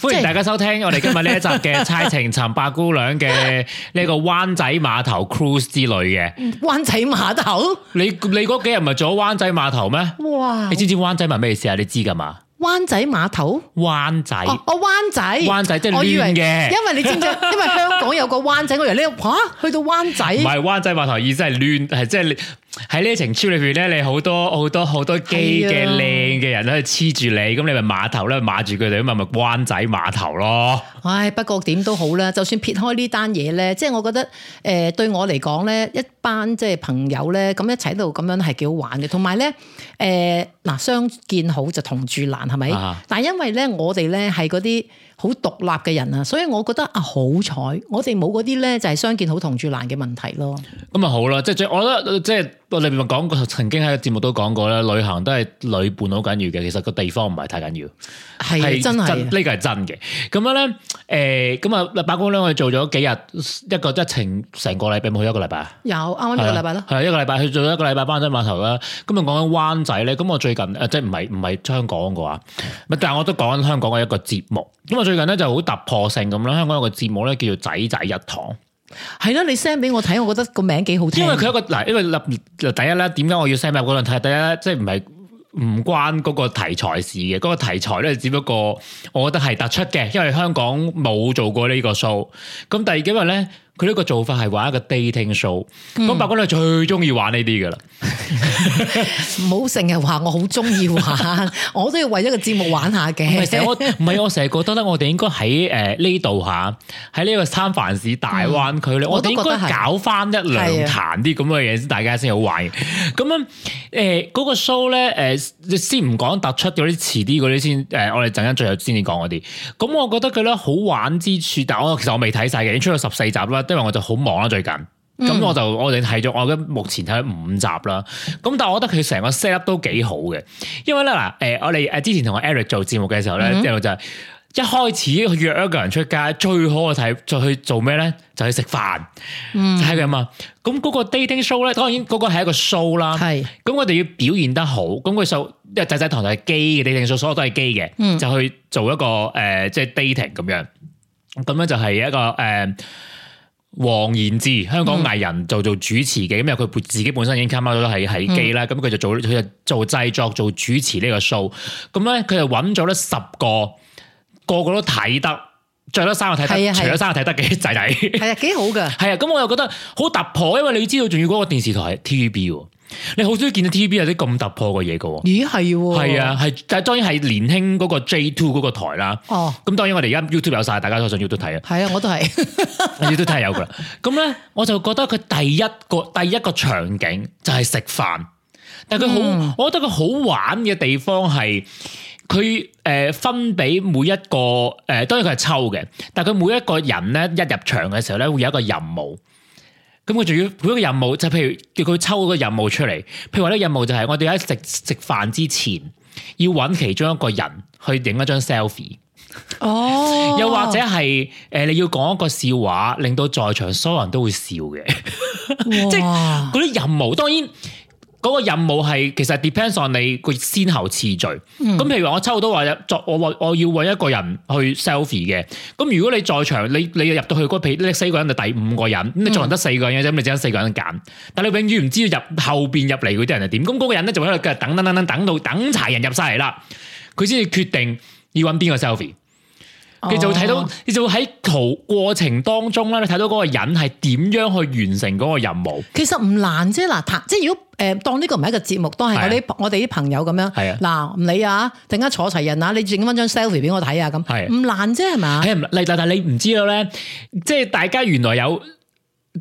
B: 歡迎大家收聽我哋今日呢一集嘅《猜情尋八姑娘》嘅呢個灣仔碼頭 cruise 之旅嘅
A: 灣仔碼頭。
B: 你你嗰幾日唔係做咗灣仔碼頭咩？
A: 哇、wow！你知
B: 唔知灣仔係咩意思啊？你知噶嘛？
A: 灣仔碼頭？
B: 灣仔？
A: 哦，灣仔。灣仔即係亂嘅，因為你知唔知？ 因為香港有個灣仔，我以為呢吓去到灣仔。唔
B: 係灣仔碼頭，意思係亂，係即係你。喺呢程船裏邊咧，你好多好多好多機嘅靚嘅人喺度黐住你，咁你咪碼頭咧，碼住佢哋咁啊，咪灣仔碼頭咯。
A: 唉，不過點都好啦，就算撇開呢單嘢咧，即、就、係、是、我覺得誒、呃，對我嚟講咧，一班即係朋友咧，咁一齊度咁樣係幾好玩嘅，同埋咧誒，嗱、呃，相見好就同住難係咪？是啊、但係因為咧，我哋咧係嗰啲。好獨立嘅人啊，所以我覺得啊好彩，我哋冇嗰啲咧，就係相見好同住難嘅問題咯。
B: 咁咪好啦，即係最我覺得即係我裏面講過，曾經喺個節目都講過啦，旅行都係旅伴好緊要嘅。其實個地方唔係太緊要，
A: 係真係呢
B: 個係真嘅。咁樣咧，咁啊八姑娘咧，我哋做咗幾日？一個即係成個個禮拜冇、啊啊，一個禮拜
A: 有，啱啱一個禮
B: 拜咯。係一個禮拜去做一個禮拜，班灣仔碼頭啦。咁啊講緊灣仔咧，咁我最近、啊、即係唔係唔係香港嘅話，咪 但係我都講緊香港嘅一個節目。咁啊，最近咧就好突破性咁啦，香港有個節目咧叫做仔
A: 仔一堂，係啦，你 send 俾我睇，我覺得個名幾好聽的。因為佢
B: 一個嗱，因為立第一咧，點解我要 send 入個論壇？第一咧，即係唔係唔關嗰個題材事嘅，嗰個題材咧只不過，我覺得係突出嘅，因為香港冇做過呢個 show 咁第二幾日咧。佢呢個做法係玩一個 dating show，咁、嗯、八哥你最中意玩呢啲噶啦，
A: 唔好成日話我好中意玩， 我都要為一個節目玩下嘅。唔係我，
B: 唔係我成日覺得咧，我哋應該喺呢度下，喺呢個三藩市大灣區呢、嗯。我哋應該搞翻一兩壇啲咁嘅嘢，大家先好玩嘅。咁樣嗰個 show 咧誒，先唔講突出嗰啲，遲啲嗰啲先，我哋陣間最後先至講嗰啲。咁我覺得佢咧好玩之處，但我其實我未睇晒嘅，已經出咗十四集啦。因為我就好忙啦最近，咁我就我哋睇咗，我覺得目前睇咗五集啦。咁但係我覺得佢成個 set up 都幾好嘅，因為咧嗱、呃，我哋之前同我 Eric 做節目嘅時候咧，一、嗯、路、嗯、就係一開始約一個人出街，最好嘅係再去做咩咧？就去食飯，係咁啊。咁嗰個 dating show 咧，當然嗰個係一個 show 啦，咁我哋要表現得好，咁佢就因為仔仔一堂係基嘅 dating show，所有都係基嘅，嗯嗯就去做一個即係、呃就是、dating 咁樣，咁樣就係一個、呃黃言之香港藝人做，嗯、做主持嘅，因為佢自己本身已經吸孖咗喺係機啦，咁、嗯、佢就做佢就做製作做主持呢個 show 咁咧，佢就揾咗咧十個，個個都睇得，著得三個睇得，除咗三個睇得嘅仔仔，係啊幾好噶，係 啊，咁我又覺得好突破，因為你知道仲要嗰個電視台 TVB。你好少見到 T V B 有啲咁突破嘅嘢㗎喎，咦
A: 係？係啊，係，但係
B: 當然係年輕嗰個 J Two 嗰個台啦。哦，咁當然我哋而家 YouTube 有晒，大家都上 YouTube 睇啊。係、哦、啊，我都係 YouTube 睇有嘅啦。咁咧，我就覺得佢第一個第一個場景就係食飯，但係佢好，嗯、我覺得佢好玩嘅地方係佢誒分俾每一個誒，當然佢係抽嘅，但係佢每一個人咧一入場嘅時候咧會有一個任務。咁佢仲要每一個任務，就譬如叫佢抽個任務出嚟，譬如話啲任務就係我哋喺食食飯之前要揾其中一個人去影一張 selfie，哦，oh。又或者係誒你要講一個笑話，令到在場所有人都會笑嘅，即係嗰啲任務當然。嗰、那個任務係其實 depends on 你個先後次序。咁、嗯、譬如話，我抽到話入作，我我要揾一個人去 selfie 嘅。咁如果你在場，你你入到去嗰批，呢四個人就第五個人。咁、嗯、你仲有得四個人啫，咁你只有四個人揀。但你永遠唔知道入後面入嚟嗰啲人係點。咁、那、嗰個人咧就喺度，等等等等等到等齊人入晒嚟啦，佢先至決定要揾邊個 selfie。你就會睇到，你、哦、就會喺途過程當中咧，你睇到嗰個人係點樣去完成嗰個任務。
A: 其實唔難啫，嗱，即係如果誒當呢個唔係一個節目，當係我啲我哋啲朋友咁樣。係啊，嗱，唔理啊，陣間坐齊人啊，你整翻張 selfie 俾我睇啊，咁，
B: 唔難啫，係嘛？係，但但係你唔知道咧，即係大家原來有。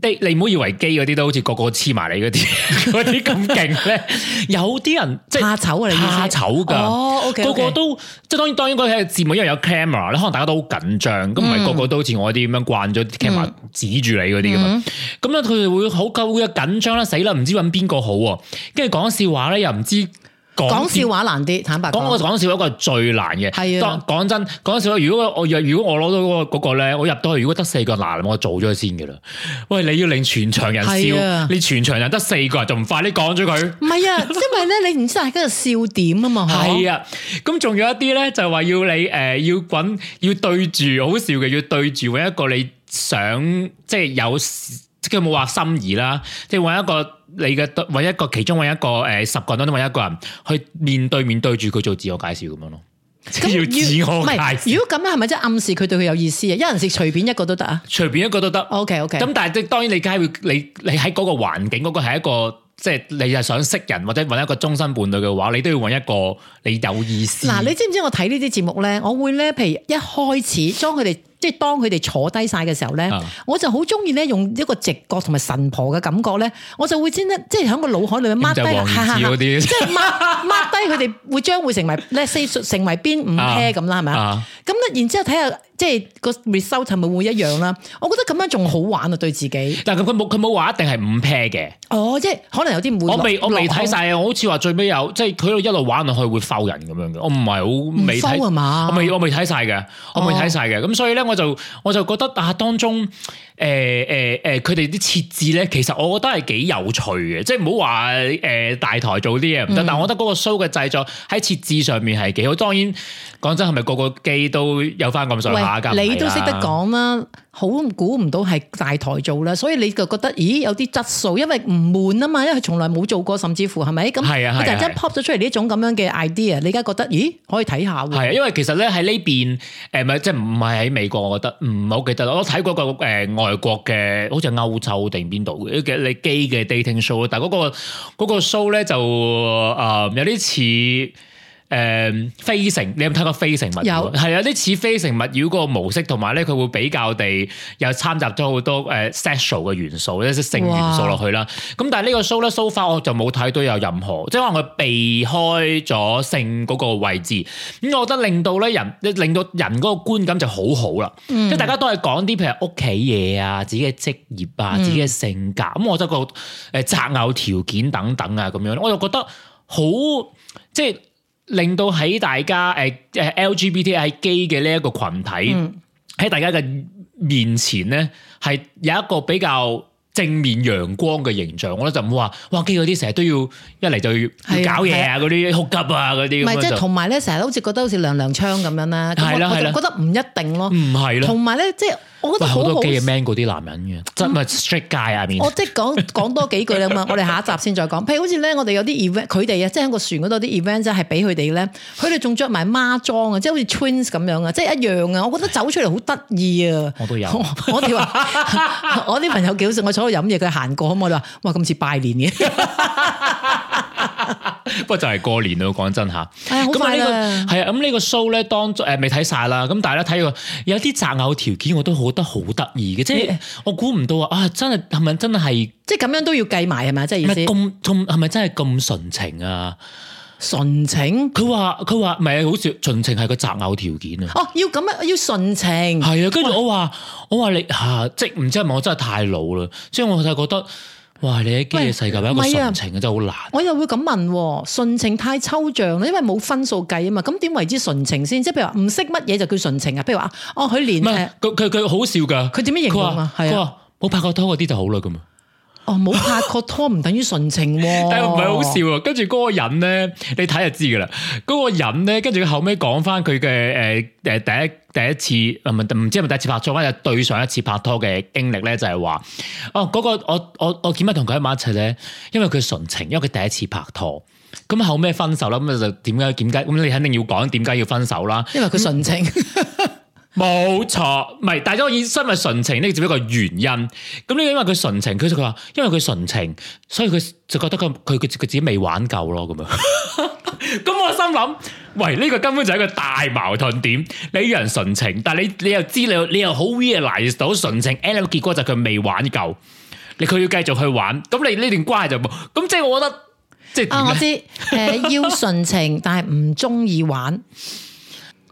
B: 你你唔好以為機嗰啲都好似個個黐埋你嗰啲嗰啲咁勁咧，有啲人即係怕醜啊，怕醜噶、啊就是，醜哦、okay, okay 個個都即係當然當然嗰啲節目因為有 camera 咧，可能大家都好緊張，咁唔係個個都好似我啲咁樣慣咗 camera 指住你嗰啲咁，咁咧佢哋會，會緊張好夠嘅緊張啦，死啦，唔知搵邊個好喎，跟住講笑話咧又唔知。講笑話
A: 難啲，坦白講我講
B: 笑話一個最難嘅。係啊，講真講笑話如，如果我若、嗰個、如果我攞到嗰個嗰個咧，我入到去如果得四個人，我做咗先嘅啦。喂，你要令全場人笑，你全場人得四個人就唔快，就係、你講咗佢。
A: 唔係啊，因為咧你唔知係嗰個笑點啊嘛。係 啊，咁仲有一啲咧就
B: 話要你誒、呃、要搵要對住好笑嘅，要對住搵一個你想即係有即係冇話心意啦，即係搵一個。你嘅揾一個其中揾一個誒十、呃、個人當中揾一個人去面對面對住佢做自我介紹咁樣咯，嗯、就要自我介紹。如
A: 果咁樣係咪即係暗示佢對佢有意思啊？一人食隨便一個都得啊，隨便一個都得。OK OK。咁
B: 但係即係當然你梗會你你喺嗰個環境嗰、那個係一個即係、就是、你係想識人或者揾一個終身伴侶嘅話，你都要揾一個你有意思。嗱、啊，你
A: 知唔知我睇呢啲節目咧？我會咧，譬如一開始將佢哋。即係當佢哋坐低晒嘅時候咧，啊、我就好中意咧用一個直覺同埋神婆嘅感覺咧，啊、我就會先咧，即係喺個腦海裏邊 mark 低吓啲，即係 mark 低佢哋會將會成為咧， 成為邊五 pair 咁啦，係咪啊？咁、啊啊、然之後睇下即係個 result 係咪會一樣啦？我覺得咁樣仲好玩啊，對自己。
B: 但佢冇佢冇話一定係
A: 五 pair 嘅。哦，即係可能有啲唔會。我未我未睇晒，
B: 我好似話最尾有，即係佢一路玩落去會 f 人咁樣嘅，我唔係好未睇。嘛？我未我未睇晒嘅，我未睇晒嘅，咁、啊、所以咧。我就我就覺得啊，當中。誒誒誒，佢哋啲設置咧，其實我覺得係幾有趣嘅，即係唔好話誒大台做啲嘢唔得，嗯、但係我覺得嗰個 show 嘅製作喺設置上面係幾好。當然講真係咪個個機都有翻咁上下㗎？你都識得
A: 講啦，好估唔到係大台做啦，所以你就覺得咦有啲質素，因為唔悶啊嘛，因為從來冇做過，甚至乎係咪咁？係啊係啊！突然間 pop 咗出嚟呢一種咁樣嘅 idea，你而家覺得咦可以睇下喎？係啊，因
B: 為其實咧喺呢邊誒咪、呃、即係唔係喺美國？我覺得唔好記得咯，我睇過、嗰個、呃外國嘅好似係歐洲定邊度嘅，其實你基嘅 dating show，但係、嗰個嗰個 show 咧就誒、呃、有啲似。誒非誠，你有冇睇過非誠勿擾？有，係有啲似非誠勿擾嗰個模式，同埋咧佢會比較地又參雜咗好多誒 sexual 嘅元素，即係性元素落去啦。咁但係呢個 show 咧 so far 我就冇睇到有任何，即可能佢避開咗性嗰個位置。咁我覺得令到咧人，令到人嗰個觀感就好好啦。即、嗯、係大家都係講啲譬如屋企嘢啊、自己嘅職業啊、自己嘅性格咁、嗯，我就覺得誒擇偶條件等等啊咁樣，我就覺得好即係。令到喺大家誒誒 LGBT 喺基嘅呢一個羣體喺大家嘅面前咧，係有一個比較正面陽光嘅形象。我覺得就唔會話哇基嗰啲成日都要一嚟就要搞嘢啊，嗰啲哭哭啊嗰啲。唔係即係同
A: 埋咧，成日好似覺得好似娘娘槍咁樣啦。係啦係啦，我覺得唔一定咯。唔係啦，同埋咧即係。喂，好多 gay 嘅
B: man 嗰啲男人嘅，即係咪 straight guy 啊？我
A: 即係講講多幾句啦嘛， 我哋下一集先再講。譬如好似咧，我哋有啲 event，佢哋啊，即係喺個船嗰度啲 event 真係俾佢哋咧，佢哋仲着埋孖裝啊，即係好似 twins 咁樣啊，即係一樣啊。我覺得走出嚟好得意啊。我都有，我哋話我啲 朋友幾好食，我坐度飲嘢，佢行過咁，我哋話哇咁似拜年嘅。
B: 不過就係過年咯，講真吓，
A: 係、哎、好、這個、快啦。係啊，咁呢個 show 咧，
B: 當誒、呃、未睇晒啦。咁但係咧，睇過有啲擇偶條件我、欸，我都覺得好得意嘅。即係我估唔到啊！啊，真係係咪真係？
A: 即係咁樣都要計埋係咪即係意思咁，係咪真
B: 係咁純情啊？純情？佢話佢話唔係，好似純情係個擇偶條件啊。哦，要咁樣，要純情。係啊，跟住我話我話你吓，即唔知係咪我真係太老啦，即係我就覺得。哇！你喺基嘅世界有一個純情啊，真係好難。
A: 我又會咁問，純情太抽象啦，因為冇分數計啊嘛。咁點為之純情先？即係譬如話唔識乜嘢就叫純情啊？譬如話哦，佢連唔係
B: 佢佢佢好笑噶佢點樣形容啊？係啊，佢話冇拍過拖嗰啲就好啦咁
A: 哦，冇拍過拖唔 等於純情喎、啊。但係唔係好
B: 笑啊？跟住嗰個人咧，你睇就知噶啦。嗰、那個人咧，跟住佢後尾講翻佢嘅第一第一次，唔、呃、唔知係咪第一次拍拖啦，就對上一次拍拖嘅經歷咧，就係、是、話哦，嗰、那個我我我點解同佢喺埋一齊咧？因為佢純情，因為佢第一次拍拖。咁後尾分手啦，咁就點解點解？咁你肯定要講點解要分手啦。
A: 因為佢純情、嗯。
B: 冇錯，唔係，但咗我以身為純情，呢接一個原因。咁呢，因為佢純情，佢就佢話，因為佢純情，所以佢就覺得佢佢佢佢自己未玩夠咯咁樣。咁 我心諗，喂，呢、呢個根本就係一個大矛盾點。你人純情，但係你你又知你你又好 realize 到純情 end 嘅結果就佢未玩夠。你佢要繼續去玩，咁你呢段關係就冇。咁即係我覺得，
A: 即係、啊、我知你、呃、要純情， 但係唔中意玩。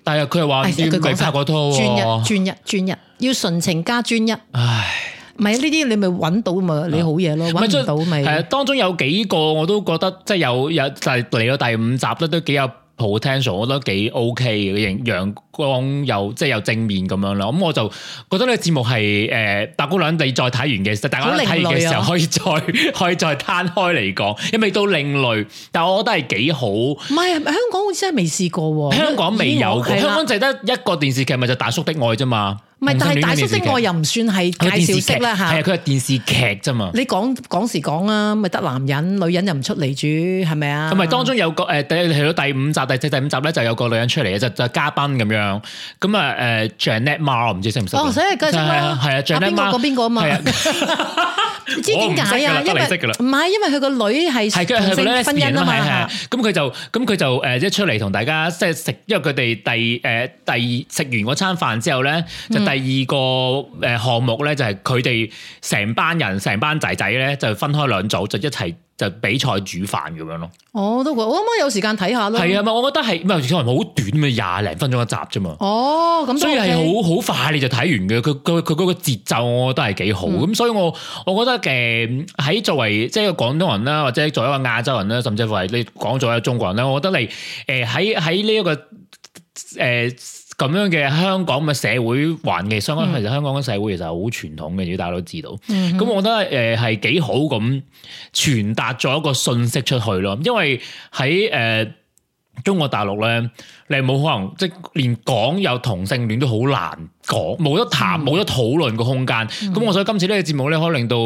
B: 但係佢係話要佢拍過拖喎，專一、專
A: 一、專一，要純情加專一。唉，唔係呢啲你咪揾到咪你好嘢咯，揾、啊、唔到咪、就是。係、
B: 啊、當中有幾個我都覺得即係有有就嚟到第五集都幾有。potential 我覺得幾 OK 嘅，陽光又即係又正面咁樣啦。咁我就覺得呢個節目係誒、呃《大姑娘》，你再睇完嘅，即係大家睇嘅時候、啊、可以再可以再攤開嚟講，因為都另類，但係我覺得係幾好。
A: 唔係，香港好似係未試過
B: 喎。香港未有嘅，香港就係得一個電視劇，咪就《大叔的愛》啫嘛。唔係，但係大叔式我
A: 又唔算係介紹式
B: 啦嚇。係佢係電視劇啫嘛。你
A: 講講時講啊，咪得男人，女人又唔出嚟住，係咪啊？咁咪
B: 當中有個誒第睇到第五集，第第五集咧就有個女人出嚟嘅，就就嘉賓咁樣。咁啊誒 Janet Moore 唔知識唔識？哦，所以佢係啊，係啊，Janet Moore 講邊個啊嘛？唔
A: 知點解啊，因為唔係因為佢個女係同性婚姻啊嘛。
B: 咁佢就咁佢就誒一出嚟同大家即係食，因為佢哋第誒第食完嗰餐飯之後咧就。第二個誒項目咧，就係佢哋成班人，成班仔仔咧，就分開兩組，就一齊就比賽煮飯咁樣咯。
A: 哦，都我可唔可以有時間睇下咯。係啊，
B: 咪我覺得係咪食飯好短嘅？廿零分鐘一集啫嘛。
A: 哦，咁所以係好
B: 好快你就睇完嘅，佢佢佢嗰個節奏，我覺得係幾，哦 OK，好。咁，嗯，所以我我覺得誒喺作為即係一個廣東人啦，或者作為一個亞洲人啦，甚至乎係你講作為一個中國人咧，我覺得你誒喺喺呢一個誒。呃咁樣嘅香港嘅社會環境，相關其實香港嘅社會其實好傳統嘅，要大家都知道。咁、嗯、我覺得係幾好咁傳達咗一個信息出去咯。因為喺、呃、中國大陸咧，你冇可能即係連講有同性戀都好難講，冇得談，冇、嗯、得討論個空間。咁、嗯、我所以今次呢個節目咧，可以令到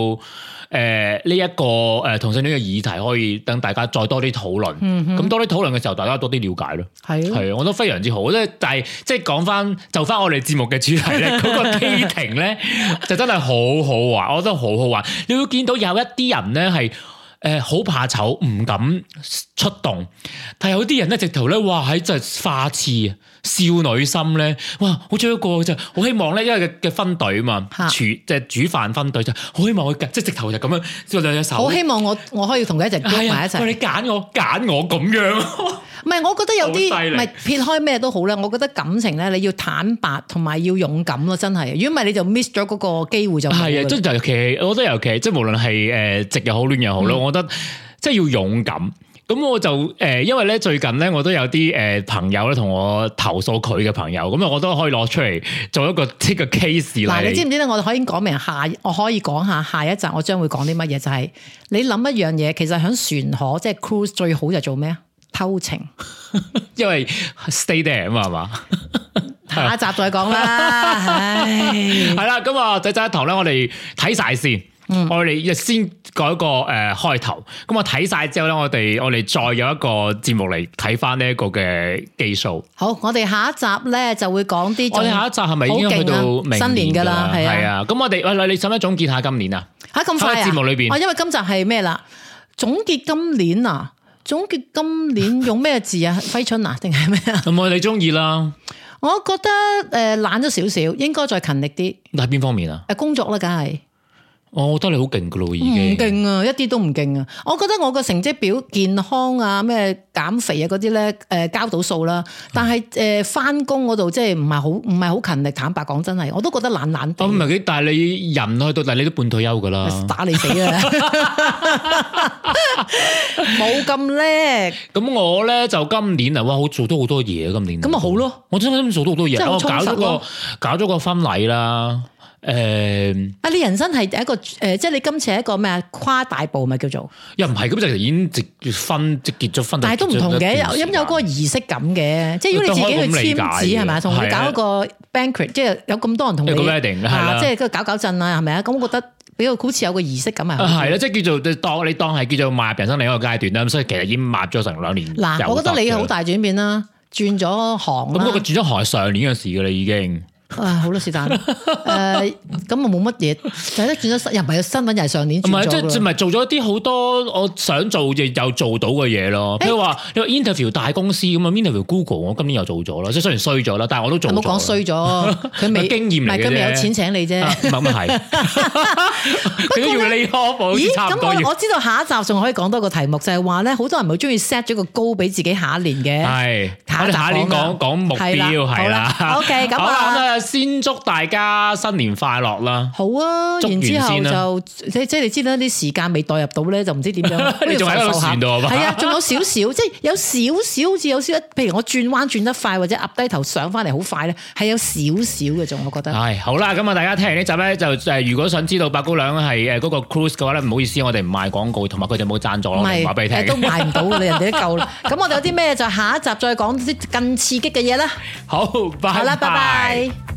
B: 誒、呃、呢一個誒、呃、同性戀嘅議題，可以等大家再多啲討論。咁、嗯、多啲討論嘅時候，大家多啲了解咯。係啊，我都非常之好。但即但係即係講翻就翻我哋節目嘅主題咧，嗰 個基情呢 就真係好好玩，我覺得好好玩。你會見到有一啲人呢係。誒、呃，好怕醜，唔敢出動。但有啲人咧，直頭咧，哇喺真係花痴少女心咧，哇好中意一個就，好希望咧，因為佢嘅分隊啊嘛，廚即係煮飯分隊就，好希望佢即係直頭就咁樣，就兩隻手。好希
A: 望我我可以同佢一齊，係、哎、啊，
B: 你揀我揀我咁樣。
A: 唔 係，我覺得有啲唔係撇開咩都好啦，我覺得感情咧，你要坦白同埋要勇敢咯，真係。如果唔係，你就 miss 咗嗰個機會就係啊，即、哎嗯、
B: 尤其，我覺得尤其即係無論係誒直又好，攣又好咯。嗯我覺得即係要勇敢，咁我就誒、呃，因為咧最近咧我都有啲誒朋友咧同我投訴佢嘅朋友，咁啊我都可以攞出嚟做一個即個 case。嗱，你知唔
A: 知咧？我哋可以講明下，我可以講下下一集我將會講啲乜嘢？就係、是、你諗一樣嘢，其實喺船河，即係 cruise 最好就做咩啊？偷情，
B: 因為 stay there 啊嘛，係嘛？下一
A: 集再講啦。
B: 係 啦、 哎，咁我仔仔一堂咧，我哋睇晒先。嗯、我哋先改個誒開頭，咁我睇晒之後咧，我哋我哋再有一個節目嚟睇翻呢一個嘅技數。
A: 好，我哋下一集咧就會講啲。我哋下一集係咪已經去到明年了、啊、新年噶啦？係啊，
B: 咁、啊、我哋喂你使唔使總結下今年啊？吓咁快啊！節目裏邊啊,啊，因為
A: 今集係咩啦？總結今年啊，總結今年用咩字啊？揮 春啊，定係咩
B: 啊？咁我哋中意啦。
A: 我覺得誒懶咗少少，應該再勤力啲。喺邊方面啊？誒工作啦，梗係。
B: 我覺得你好勁噶咯，已經唔
A: 勁啊，一啲都唔勁啊！我覺得我個成績表健康啊，咩減肥啊嗰啲咧，誒、呃、交到數啦。但係誒翻工嗰度即係唔係好唔係好勤力。坦白講真係，我都覺得懶懶。咁唔係
B: 幾？但係你人去到，但係你都半退休噶啦。是打你死啊！冇咁叻。咁我咧就今年啊，哇！我做多好多嘢啊，今年。咁啊好咯，我真係做多好多嘢，我搞咗個搞咗個婚禮啦。誒，
A: 啊！你人生係一個誒，即係你今次係一個咩啊？跨大步咪叫做？
B: 又唔係咁，就已經結婚，即係結咗婚。但係都唔同嘅，因有
A: 嗰個儀式感嘅。即係如果你自己去簽字係咪？同佢搞一個 banquet 即係有咁多人同你啊，即係都搞搞震啦，係咪啊？咁我覺得比較好似有個儀式感係。啊，係啦，
B: 即係叫做當你當係叫做邁入人生另一個階段啦。咁所以其實已經邁咗成兩年。嗱，我覺得你好大
A: 轉變啦，轉咗行。咁個
B: 轉咗行係上年嘅事噶啦，已經。
A: 啊， 好啦，是但啦，誒、呃，咁啊冇乜嘢，但係咧轉咗新，又唔係個新聞，又係上年唔係，即係唔
B: 做咗一啲好多我想做又又做到嘅嘢咯。譬如話，你話 interview 大公司咁啊，interview Google，我今年又做咗啦。即係雖然衰咗
A: 啦，但係我都做。有冇講衰咗？佢未經驗係佢未有錢請你啫。咁啊係。主 過呢 要你科咦？咁我我知道下一集仲可以講多個題目，就係話咧，好多人好中意 set 咗個高俾自己下一年嘅。係，我哋下一年講講目標係啦。O K，咁
B: 先祝大家新年快樂啦！好
A: 啊，然之後就即即係你知道啲時間未代入到咧，就唔知點樣。 你仲喺度行到係啊，仲有少少， 即係有少少，好似有少少，譬如我轉彎轉得快，或者壓低頭上翻嚟好快咧，係有少少嘅。仲我覺得係、哎、
B: 好啦，咁啊，大家聽完呢集咧，就如果想知道八姑娘係嗰個 Cruise 嘅話咧，唔好意思，我哋唔賣廣告，同埋佢哋冇贊助咯，話俾你聽。都賣唔到啊， 你人哋都夠啦。
A: 咁我哋有啲咩就下一集再講啲更刺激嘅嘢啦。好，拜拜拜。